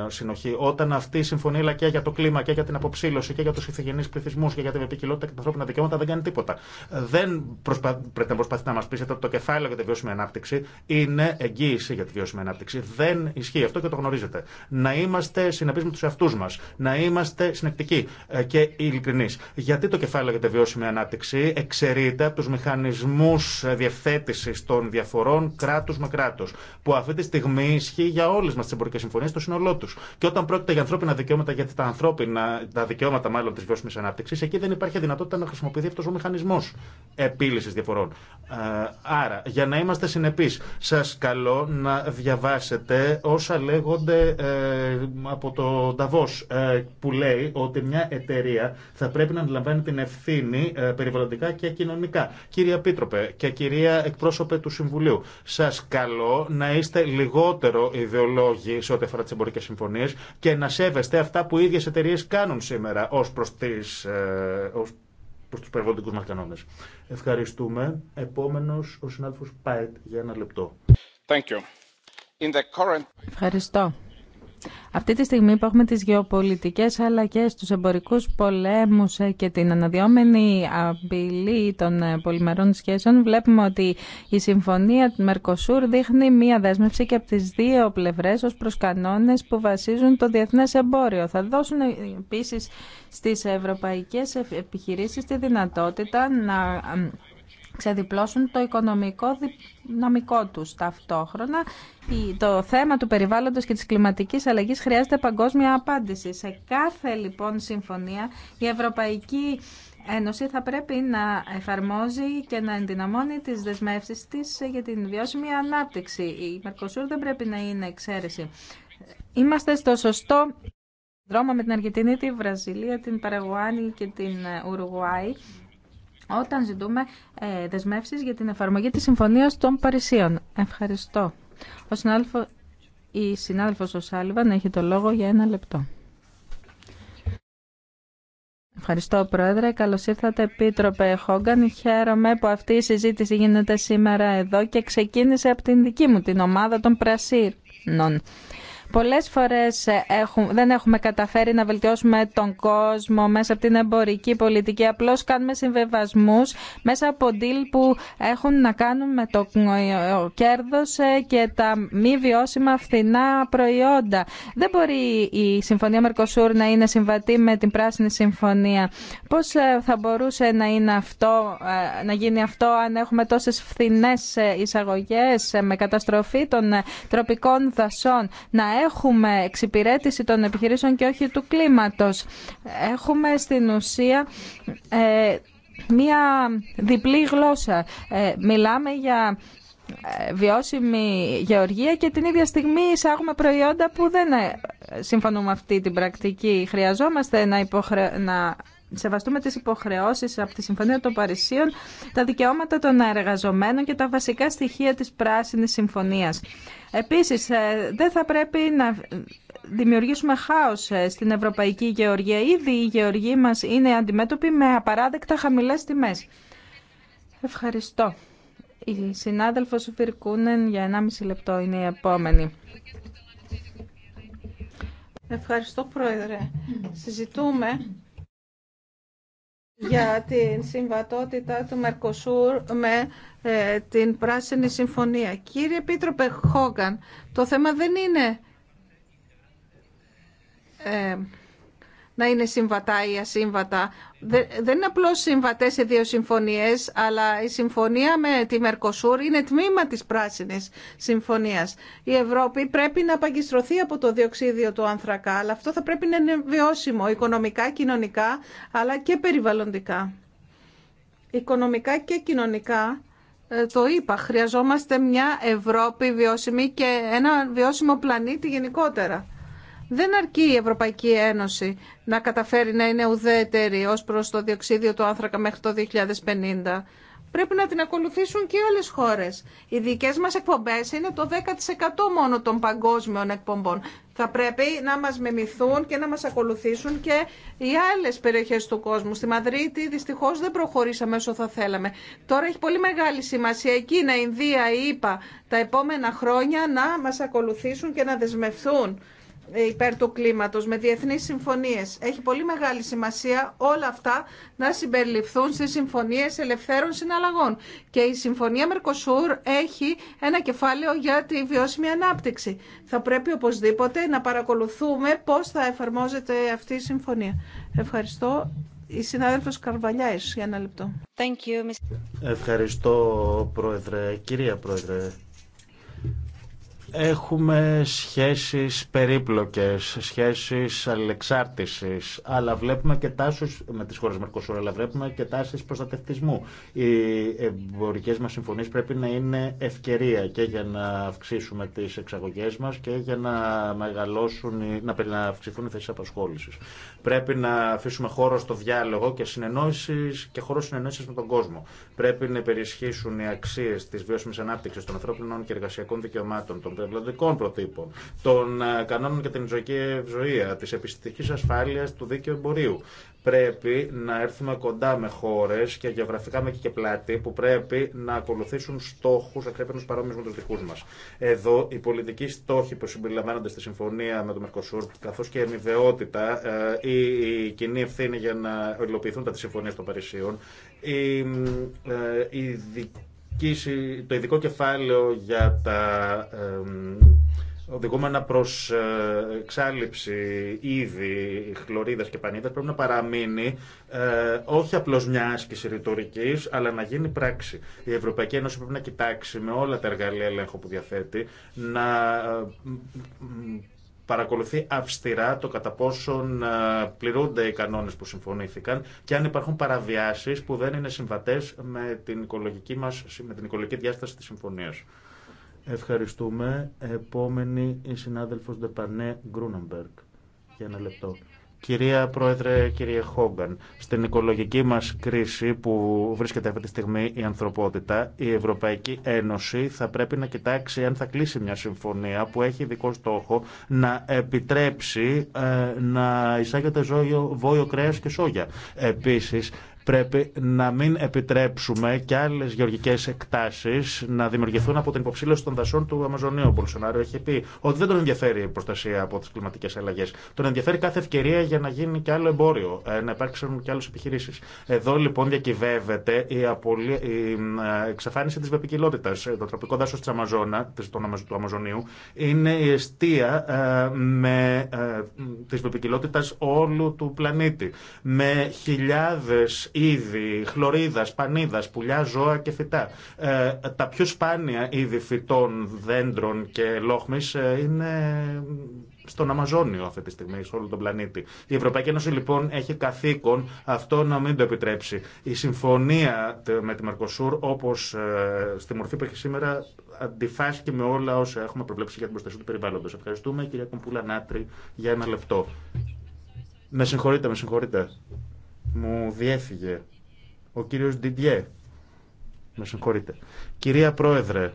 συνοχή όταν αυτή η συμφωνία και για το κλίμα και για την αποψήλωση και για του ηθιγενεί πληθυσμού και για την επικοινότητα και τα ανθρώπινα δικαιώματα δεν κάνει τίποτα. Δεν προσπα... πρέπει να προσπαθείτε να μα πείσετε ότι το κεφάλαιο για τη βιώσιμη ανάπτυξη ανάπτυξη είναι εγγύηση για τη βιώσιμη ανάπτυξη. Δεν ισχύει αυτό και το γνωρίζετε. Να είμαστε συνεπεί με του εαυτού μα. Να είμαστε συνεκτικοί ε, και ειλικρινεί. Γιατί το κεφάλαιο για τη βιώσιμη ανάπτυξη εξαιρείται από του μηχανισμού διευθέτηση των διαφορών κράτου με κράτο. Που αυτή τη στιγμή ισχύει για όλε μα τι εμπορικέ συμφωνίε στο σύνολό του. Και όταν πρόκειται για ανθρώπινα δικαιώματα, γιατί τα ανθρώπινα, τα δικαιώματα μάλλον τη βιώσιμη ανάπτυξη, εκεί δεν υπάρχει δυνατότητα να χρησιμοποιηθεί αυτό ο μηχανισμό επίλυση διαφορών. Ε, άρα, για να είμαστε συνεπεί. Σας καλώ να διαβάσετε όσα λέγονται ε, από το Νταβός ε, που λέει ότι μια εταιρεία θα πρέπει να αντιλαμβάνει την ευθύνη ε, περιβαλλοντικά και κοινωνικά. Κύριε Πίτροπε και κυρία εκπρόσωπε του Συμβουλίου, σας καλώ να είστε λιγότερο ιδεολόγοι σε ό,τι αφορά τι εμπορικέ συμφωνίες και να σέβεστε αυτά που οι ίδιε εταιρείε κάνουν σήμερα ω προ τι προ του περιβαλλοντικού μα κανόνε. Ευχαριστούμε. Επόμενο, ο συνάδελφο Πάετ για ένα λεπτό. Ευχαριστώ. Αυτή τη στιγμή που έχουμε τις γεωπολιτικές αλλά και στους εμπορικούς πολέμους ε, και την αναδυόμενη απειλή των ε, πολυμερών σχέσεων βλέπουμε ότι η συμφωνία Μερκοσούρ δείχνει μία δέσμευση και από τις δύο πλευρές ως προς κανόνες που βασίζουν το διεθνές εμπόριο. Θα δώσουν ε, επίσης στις ευρωπαϊκές επιχειρήσεις τη δυνατότητα να ξεδιπλώσουν το οικονομικό δυναμικό τους ταυτόχρονα. Το θέμα του περιβάλλοντος και της κλιματικής αλλαγής χρειάζεται παγκόσμια απάντηση. Σε κάθε λοιπόν συμφωνία η Ευρωπαϊκή Ένωση θα πρέπει να εφαρμόζει και να ενδυναμώνει τις δεσμεύσεις της για την βιώσιμη ανάπτυξη. Η Μερκοσούρ δεν πρέπει να είναι εξαίρεση. Είμαστε στο σωστό δρόμο με την Αργεντινή, τη Βραζιλία, την Παραγουάνη και την Ουρουγουάη όταν ζητούμε ε, για την εφαρμογή της συμφωνία των Παρισίων. Ευχαριστώ. Ο συνάδελφο, η συνάδελφος ο Σάλιβαν έχει το λόγο για ένα λεπτό. Ευχαριστώ, Πρόεδρε. Καλώ ήρθατε, Επίτροπε Χόγκαν. Χαίρομαι που αυτή η συζήτηση γίνεται σήμερα εδώ και ξεκίνησε από την δική μου, την ομάδα των Πρασίνων. Πολλές φορές ε, δεν έχουμε καταφέρει να βελτιώσουμε τον κόσμο μέσα από την εμπορική πολιτική. Απλώς κάνουμε συμβεβασμούς μέσα από ντυλ που έχουν να κάνουν με το κέρδος ε, και τα μη βιώσιμα φθηνά προϊόντα. Δεν μπορεί η Συμφωνία Μερκοσούρ να είναι συμβατή με την Πράσινη Συμφωνία. Πώς ε, θα μπορούσε να, είναι αυτό, να γίνει αυτό αν έχουμε τόσες φθηνές εισαγωγές με καταστροφή των τροπικών δασών, να έχουμε εξυπηρέτηση των επιχειρήσεων και όχι του κλίματος. Έχουμε στην ουσία ε, μία διπλή γλώσσα. Ε, μιλάμε για ε, βιώσιμη γεωργία και την ίδια στιγμή εισάγουμε προϊόντα που δεν συμφωνούμε αυτή την πρακτική. Χρειαζόμαστε να, υποχρε... να σεβαστούμε τις υποχρεώσεις από τη Συμφωνία των Παρισίων, τα δικαιώματα των εργαζομένων και τα βασικά στοιχεία της Πράσινης Συμφωνίας. Επίσης, ε, δεν θα πρέπει να δημιουργήσουμε χάος ε, στην Ευρωπαϊκή Γεωργία. Ήδη η γεωργοί μας είναι αντιμέτωποι με απαράδεκτα χαμηλές τιμές. Ευχαριστώ. Η συνάδελφος Φιρκούνεν για 1,5 λεπτό είναι η επόμενη. Ευχαριστώ, Πρόεδρε. Συζητούμε για την συμβατότητα του Μερκοσούρ με ε, την Πράσινη Συμφωνία. Κύριε Επίτροπε Χόγκαν, το θέμα δεν είναι ε, να είναι συμβατά ή ασύμβατα. Δεν είναι απλώς συμβατές οι δύο συμφωνίες, αλλά η ασυμβατα δεν ειναι απλως συμβατες σε δυο συμφωνιες αλλα η συμφωνια με τη Μερκοσούρ είναι τμήμα της πράσινης συμφωνίας. Η Ευρώπη πρέπει να απαγκιστρωθεί από το διοξίδιο του άνθρακα, αλλά αυτό θα πρέπει να είναι βιώσιμο οικονομικά, κοινωνικά, αλλά και περιβαλλοντικά. Οικονομικά και κοινωνικά ε, το είπα, χρειαζόμαστε μια Ευρώπη βιώσιμη και ένα βιώσιμο πλανήτη γενικότερα. Δεν αρκεί η Ευρωπαϊκή Ένωση να καταφέρει να είναι ουδέτερη ως προς το διοξίδιο του άνθρακα μέχρι το 2050. Πρέπει να την ακολουθήσουν και άλλες χώρες. Οι δικές μας εκπομπές είναι το 10% μόνο των παγκόσμιων εκπομπών. Θα πρέπει να μας μιμηθούν και να μας ακολουθήσουν και οι άλλες περιοχές του κόσμου. Στη Μαδρίτη δυστυχώς δεν προχωρήσαμε όσο θα θέλαμε. Τώρα έχει πολύ μεγάλη σημασία η Κίνα, η Ινδία, η ΗΠΑ τα επόμενα χρόνια να μας ακολουθήσουν και να δεσμευθούν υπέρ του κλίματος, με διεθνείς συμφωνίες. Έχει πολύ μεγάλη σημασία όλα αυτά να συμπεριληφθούν στις συμφωνίες ελευθέρων συναλλαγών. Και η Συμφωνία Μερκοσούρ έχει ένα κεφάλαιο για τη βιώσιμη ανάπτυξη. Θα πρέπει οπωσδήποτε να παρακολουθούμε πώς θα εφαρμόζεται αυτή η συμφωνία. Ευχαριστώ. Η συνάδελφος Καρβαλιάης, για ένα λεπτό. Ευχαριστώ, Πρόεδρε. Κυρία Πρόεδρε, Έχουμε σχέσεις περίπλοκες, σχέσεις αλληλεξάρτησης, αλλά βλέπουμε και τάσεις με τις χώρες Μερκοσούρα, αλλά βλέπουμε και τάσεις προστατευτισμού. Οι εμπορικές μας συμφωνίες πρέπει να είναι ευκαιρία και για να αυξήσουμε τις εξαγωγές μας και για να μεγαλώσουν, να αυξηθούν οι θέσεις απασχόλησης. Πρέπει να αφήσουμε χώρο στο διάλογο και, συνεννόησης, και χώρο συνεννόησης με τον κόσμο. Πρέπει να υπερισχύσουν οι αξίες της βιώσιμης ανάπτυξης των ανθρώπινων και εργασιακών δικαιωμάτων, των των προτύπων, των ε, κανόνων και την ζωική ευζοία, τη επιστημική ασφάλεια, του δίκαιου εμπορίου. Πρέπει να έρθουμε κοντά με χώρε και γεωγραφικά με και πλάτη που πρέπει να ακολουθήσουν στόχου ακρέπενου παρόμοιου με του δικού μα. Εδώ οι πολιτικοί στόχοι που συμπεριλαμβάνονται στη συμφωνία με το Μερκοσούρ, καθώ και η αμοιβαιότητα, ε, η κοινή ευθύνη για να υλοποιηθούν τα τη συμφωνία των Παρισίων, η, ε, η το ειδικό κεφάλαιο για τα οδηγούμενα προς ε, εξάλληψη είδη χλωρίδας και πανίδας πρέπει να παραμείνει ε, όχι απλώς μια άσκηση ρητορική, αλλά να γίνει πράξη. Η Ευρωπαϊκή Ένωση πρέπει να κοιτάξει με όλα τα εργαλεία ελέγχου που διαθέτει να ε, παρακολουθεί αυστηρά το κατά πόσον ε, πληρούνται οι κανόνες που συμφωνήθηκαν και αν υπάρχουν παραβιάσεις που δεν είναι συμβατές με την οικολογική, μας, με την οικολογική διάσταση της συμφωνίας. Ευχαριστούμε. Επόμενη η συνάδελφος Ντεπανέ Γκρουνένμπεργκ Για ένα λεπτό. Κυρία Πρόεδρε, κύριε Χόγκαν, στην οικολογική μας κρίση που βρίσκεται αυτή τη στιγμή η ανθρωπότητα, η Ευρωπαϊκή Ένωση θα πρέπει να κοιτάξει αν θα κλείσει μια συμφωνία που έχει ειδικό στόχο να επιτρέψει ε, να εισάγεται ζώιο, βόλιο κρέας και σόγια. Επίσης, Πρέπει να μην επιτρέψουμε και άλλε γεωργικέ εκτάσει να δημιουργηθούν από την υποψήλωση των δασών του Αμαζονίου. Ο Μπολσονάριο έχει πει ότι δεν τον ενδιαφέρει η προστασία από τι κλιματικέ αλλαγέ. Τον ενδιαφέρει κάθε ευκαιρία για να γίνει και άλλο εμπόριο, ε, να υπάρξουν και άλλε επιχειρήσει. Εδώ λοιπόν διακυβεύεται η, απολυ... η ε, εξαφάνιση τη βεπικιλότητα. Ε, το τροπικό δάσο τη Αμαζόνα, του Αμαζονίου, είναι η αιστεία με... τη βεπικιλότητα όλου του πλανήτη. Με χιλιάδε είδη χλωρίδα, πανίδα, πουλιά, ζώα και φυτά. Ε, τα πιο σπάνια είδη φυτών, δέντρων και λόχμη ε, είναι στον Αμαζόνιο αυτή τη στιγμή, σε όλο τον πλανήτη. Η Ευρωπαϊκή Ένωση λοιπόν έχει καθήκον αυτό να μην το επιτρέψει. Η συμφωνία με τη Μαρκοσούρ, όπω ε, στη μορφή που έχει σήμερα, αντιφάσκει με όλα όσα έχουμε προβλέψει για την προστασία του περιβάλλοντο. Ευχαριστούμε, κυρία Κομπούλα Νάτρη, για ένα λεπτό. Με συγχωρείτε, με συγχωρείτε μου διέφυγε. Ο κύριος Ντιντιέ. Με συγχωρείτε. Κυρία Πρόεδρε,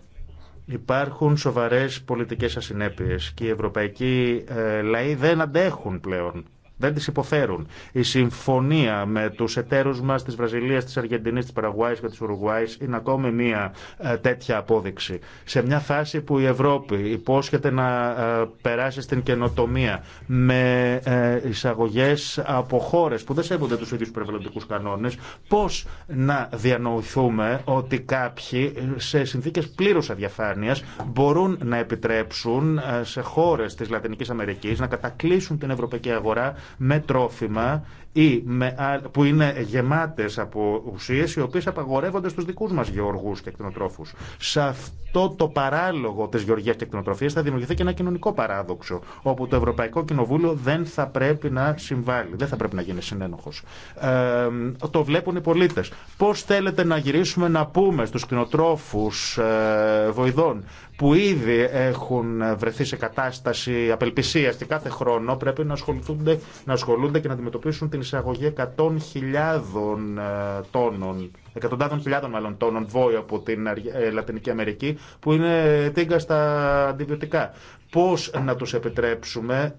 υπάρχουν σοβαρές πολιτικές ασυνέπειες και οι ευρωπαϊκοί ε, λαοί δεν αντέχουν πλέον δεν τις υποφέρουν. Η συμφωνία με τους εταίρους μας της Βραζιλίας, της Αργεντινής, της Παραγουάης και της Ουρουγουάης είναι ακόμη μια ε, τέτοια απόδειξη. Σε μια φάση που η Ευρώπη υπόσχεται να ε, περάσει στην καινοτομία με ε, εισαγωγές από χώρες που δεν σέβονται τους ίδιους περιβαλλοντικούς κανόνες, πώς να διανοηθούμε ότι κάποιοι σε συνθήκες πλήρους αδιαφάνειας μπορούν να επιτρέψουν σε χώρες της Λατινικής Αμερικής να κατακλείσουν την ευρωπαϊκή αγορά με τρόφιμα ή με, που είναι γεμάτες από ουσίες οι οποίες απαγορεύονται στους δικούς μας γεωργούς και εκτινοτρόφους. Σε αυτό το παράλογο της γεωργίας και εκτινοτροφίας θα δημιουργηθεί και ένα κοινωνικό παράδοξο όπου το Ευρωπαϊκό Κοινοβούλιο δεν θα πρέπει να συμβάλλει, δεν θα πρέπει να γίνει συνένοχος. Ε, το βλέπουν οι πολίτες. Πώς θέλετε να γυρίσουμε να πούμε στους κτηνοτρόφους ε, βοηδών που ήδη έχουν βρεθεί σε κατάσταση απελπισίας και κάθε χρόνο πρέπει να ασχοληθούνται να ασχολούνται και να αντιμετωπίσουν την εισαγωγή 100.000 ε, τόνων εκατοντάδων χιλιάδων μάλλον τόνων βόη από την ε, Λατινική Αμερική που είναι τίγκα στα αντιβιωτικά. Πώς να τους επιτρέψουμε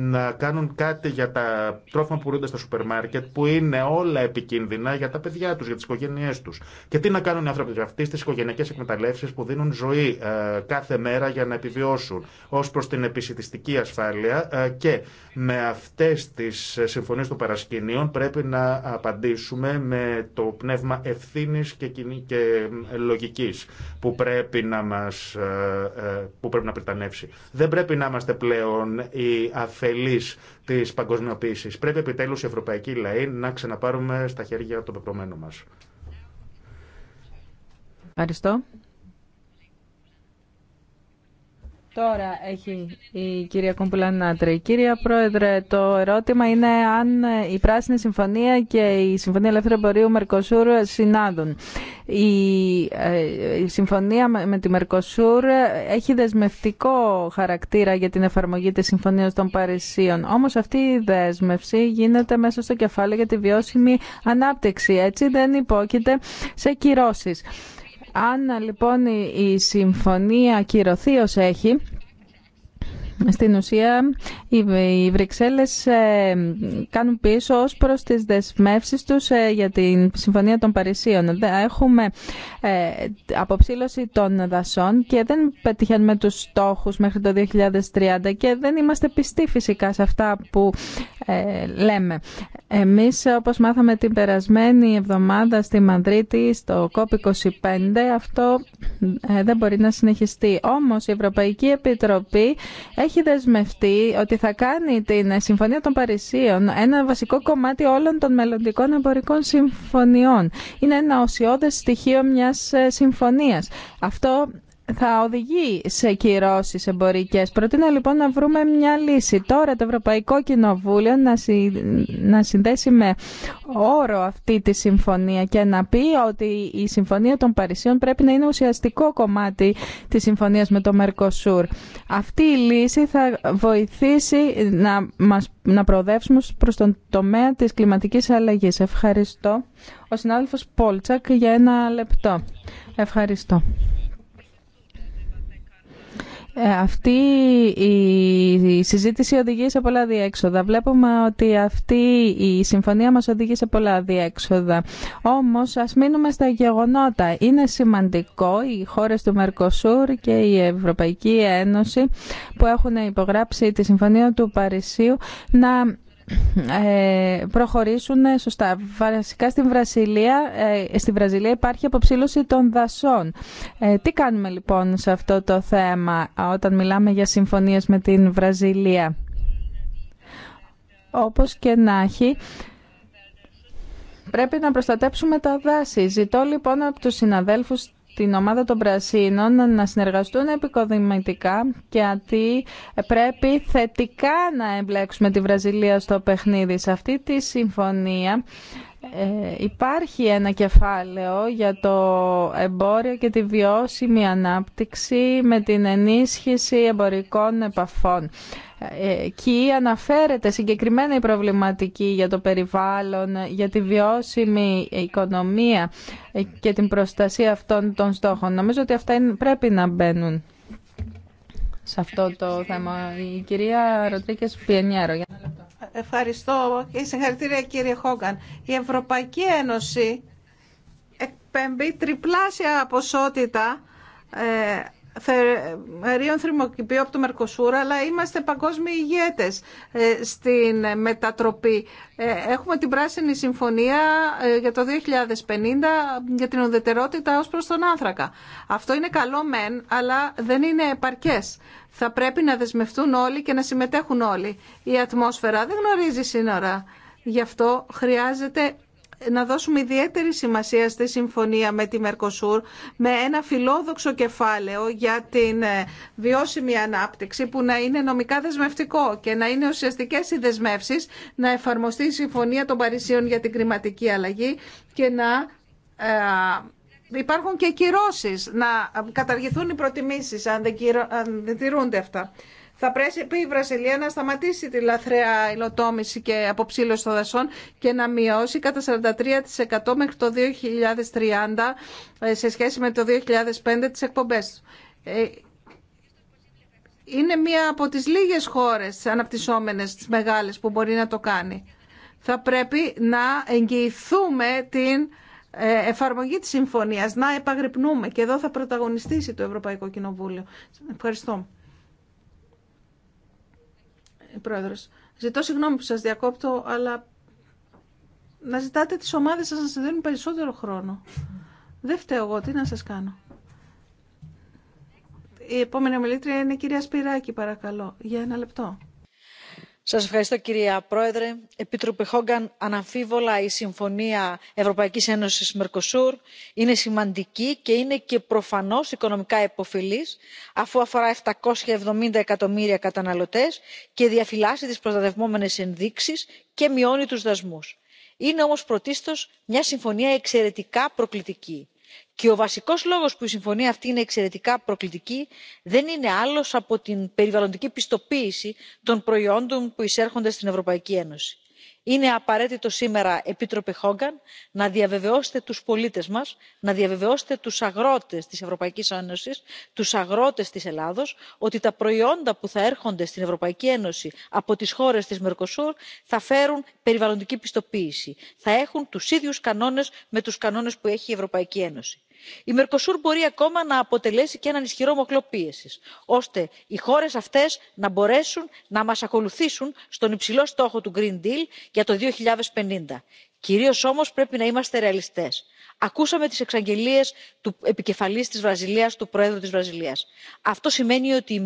να κάνουν κάτι για τα τρόφιμα που ρούνται στα σούπερ μάρκετ που είναι όλα επικίνδυνα για τα παιδιά τους, για τις οικογένειές τους. Και τι να κάνουν οι άνθρωποι αυτοί στις οικογενειακές εκμεταλλεύσεις που δίνουν ζωή ε, κάθε μέρα για να επιβιώσουν ως προς την επισητιστική ασφάλεια ε, και με αυτές τις συμφωνίες των παρασκηνίων πρέπει να απαντήσουμε με το πνεύμα ευθύνης και, και ε, λογικής που πρέπει να μας ε, ε, που πρέπει να πριτανεύσει. Δεν πρέπει να είμαστε πλέον οι αφελείς της παγκοσμιοποίησης. Πρέπει επιτέλους οι ευρωπαϊκοί λαοί να ξαναπάρουμε στα χέρια το πεπρωμένο μας. Ευχαριστώ. Τώρα έχει η κυρία Νάτρη. Κύριε Πρόεδρε, το ερώτημα είναι αν η Πράσινη Συμφωνία και η Συμφωνία Ελεύθερου Εμπορίου Μερκοσούρ συνάδουν. Η ε, συμφωνία με τη Μερκοσούρ έχει δεσμευτικό χαρακτήρα για την εφαρμογή της Συμφωνίας των Παρισίων. Όμως αυτή η δέσμευση γίνεται μέσα στο κεφάλαιο για τη βιώσιμη ανάπτυξη. Έτσι δεν υπόκειται σε κυρώσεις. Αν λοιπόν η συμφωνία κυρωθεί ως έχει, στην ουσία οι Βρυξέλλες ε, κάνουν πίσω ως προς τις δεσμεύσεις τους ε, για την Συμφωνία των Παρισίων. Έχουμε ε, αποψήλωση των δασών και δεν πετυχαίνουμε τους στόχους μέχρι το 2030 και δεν είμαστε πιστοί φυσικά σε αυτά που λέμε. Εμείς όπως μάθαμε την περασμένη εβδομάδα στη Μαδρίτη στο COP25 αυτό δεν μπορεί να συνεχιστεί. Όμως η Ευρωπαϊκή Επιτροπή έχει δεσμευτεί ότι θα κάνει την Συμφωνία των Παρισίων ένα βασικό κομμάτι όλων των μελλοντικών εμπορικών συμφωνιών. Είναι ένα οσιώδες στοιχείο μιας ε, συμφωνίας. Αυτό θα οδηγεί σε κυρώσεις εμπορικές. Προτείνω λοιπόν να βρούμε μια λύση. Τώρα το Ευρωπαϊκό Κοινοβούλιο να, να συνδέσει με όρο αυτή τη συμφωνία και να πει ότι η Συμφωνία των Παρισίων πρέπει να είναι ουσιαστικό κομμάτι της συμφωνίας με το Μερκοσούρ. Αυτή η λύση θα βοηθήσει να, μας... να προοδεύσουμε προς τον τομέα της κλιματικής αλλαγής. Ευχαριστώ. Ο συνάδελφος Πόλτσακ για ένα λεπτό. Ευχαριστώ. Ε, αυτή η συζήτηση οδηγεί σε πολλά διέξοδα. Βλέπουμε ότι αυτή η συμφωνία μας οδηγεί σε πολλά διέξοδα. Όμως ας μείνουμε στα γεγονότα. Είναι σημαντικό οι χώρες του Μερκοσούρ και η Ευρωπαϊκή Ένωση που έχουν υπογράψει τη Συμφωνία του Παρισίου να ε, προχωρήσουν ε, σωστά. Βασικά στην Βραζιλία, ε, στη Βραζιλία υπάρχει αποψήλωση των δασών. τι κάνουμε λοιπόν σε αυτό το θέμα όταν μιλάμε για συμφωνίες με την Βραζιλία. Όπως και να έχει, πρέπει να προστατέψουμε τα δάση. Ζητώ λοιπόν από τους συναδέλφους την ομάδα των Πρασίνων να συνεργαστούν επικοδημητικά και πρέπει θετικά να εμπλέξουμε τη Βραζιλία στο παιχνίδι. Σε αυτή τη συμφωνία ε, υπάρχει ένα κεφάλαιο για το εμπόριο και τη βιώσιμη ανάπτυξη με την ενίσχυση εμπορικών επαφών. Ε, εκεί αναφέρεται συγκεκριμένα η προβληματική για το περιβάλλον, για τη βιώσιμη οικονομία ε, και την προστασία αυτών των στόχων. Νομίζω ότι αυτά πρέπει να μπαίνουν σε αυτό το θέμα. Η κυρία Ροτρίκες Πιενιέρο. Ευχαριστώ και συγχαρητήρια κύριε Χόγκαν. Η Ευρωπαϊκή Ένωση εκπέμπει τριπλάσια ποσότητα ε, θερίων θερμοκηπίου από το Μερκοσούρα, αλλά είμαστε παγκόσμιοι ηγέτες ε, στην μετατροπή. Ε, έχουμε την Πράσινη Συμφωνία ε, για το 2050 για την οδετερότητα ως προς τον άνθρακα. Αυτό είναι καλό μεν, αλλά δεν είναι επαρκές. Θα πρέπει να δεσμευτούν όλοι και να συμμετέχουν όλοι. Η ατμόσφαιρα δεν γνωρίζει σύνορα. Γι' αυτό χρειάζεται να δώσουμε ιδιαίτερη σημασία στη συμφωνία με τη Μερκοσούρ με ένα φιλόδοξο κεφάλαιο για την ε, βιώσιμη ανάπτυξη που να είναι νομικά δεσμευτικό και να είναι ουσιαστικές οι δεσμεύσεις να εφαρμοστεί η Συμφωνία των Παρισίων για την κλιματική αλλαγή και να ε, υπάρχουν και κυρώσεις, να καταργηθούν οι προτιμήσεις αν δεν τηρούνται αυτά. Θα πρέπει η Βραζιλία να σταματήσει τη λαθρέα υλοτόμηση και αποψήλωση των δασών και να μειώσει κατά 43% μέχρι το 2030 ε, σε σχέση με το 2005 τις εκπομπές. Ε, είναι μία από τις λίγες χώρες αναπτυσσόμενες, τις μεγάλες που μπορεί να το κάνει. Θα πρέπει να εγγυηθούμε την ε, εφαρμογή της συμφωνίας, να επαγρυπνούμε και εδώ θα πρωταγωνιστήσει το Ευρωπαϊκό Κοινοβούλιο. Ευχαριστώ. Ζητώ συγγνώμη που σα διακόπτω, αλλά να ζητάτε τι ομάδε σα να σα δίνουν περισσότερο χρόνο. Δεν φταίω εγώ, τι να σα κάνω. Η επόμενη ομιλήτρια είναι η κυρία Σπυράκη, παρακαλώ, για ένα λεπτό κυρία πρόεδρε επίτροπε χόγκαν αναμφίβολα η συμφωνία ευρωπαϊκής ένωσης μερκοσουρ είναι σημαντική και είναι και προφανώς οικονομικά επωφελής αφού αφορά επτακόσια εκατομμύρια καταναλωτές και διαφυλάσσει τις προστατευόμενες ενδείξεις και μειώνει τους δασμούς. είναι όμως πρωτίστως μια συμφωνία εξαιρετικά προκλητική και ο βασικός λόγος που η συμφωνία αυτή είναι εξαιρετικά προκλητική δεν είναι άλλος από την περιβαλλοντική πιστοποίηση των προϊόντων που εισέρχονται στην ευρωπαϊκή ένωση. είναι απαραίτητο σήμερα επίτροπε χόγκαν να διαβεβαιώσετε τους πολίτες μας να διαβεβαιώσετε τους αγρότες της ευρωπαϊκής ένωσης τους αγρότες της ελλάδος ότι τα προϊόντα που θα έρχονται στην ευρωπαϊκή ένωση από τις χώρες της μερκοσουρ θα φέρουν περιβαλλοντική πιστοποίηση θα έχουν τους ίδιους κανόνες με τους κανόνες που έχει η ευρωπαϊκή ένωση η μερκοσουρ μπορεί ακόμα να αποτελέσει και έναν ισχυρό μοχλό πίεση. ώστε οι χώρες αυτές να μπορέσουν να μας ακολουθήσουν στον υψηλό στόχο του green deal για το. 2050. χιλιάδε πενήντα κυρίως όμως πρέπει να είμαστε ρεαλιστέ. ακούσαμε τις εξαγγελίε του επικεφαλής της βραζιλίας του προέδρου της βραζιλίας. αυτό σημαίνει ότι η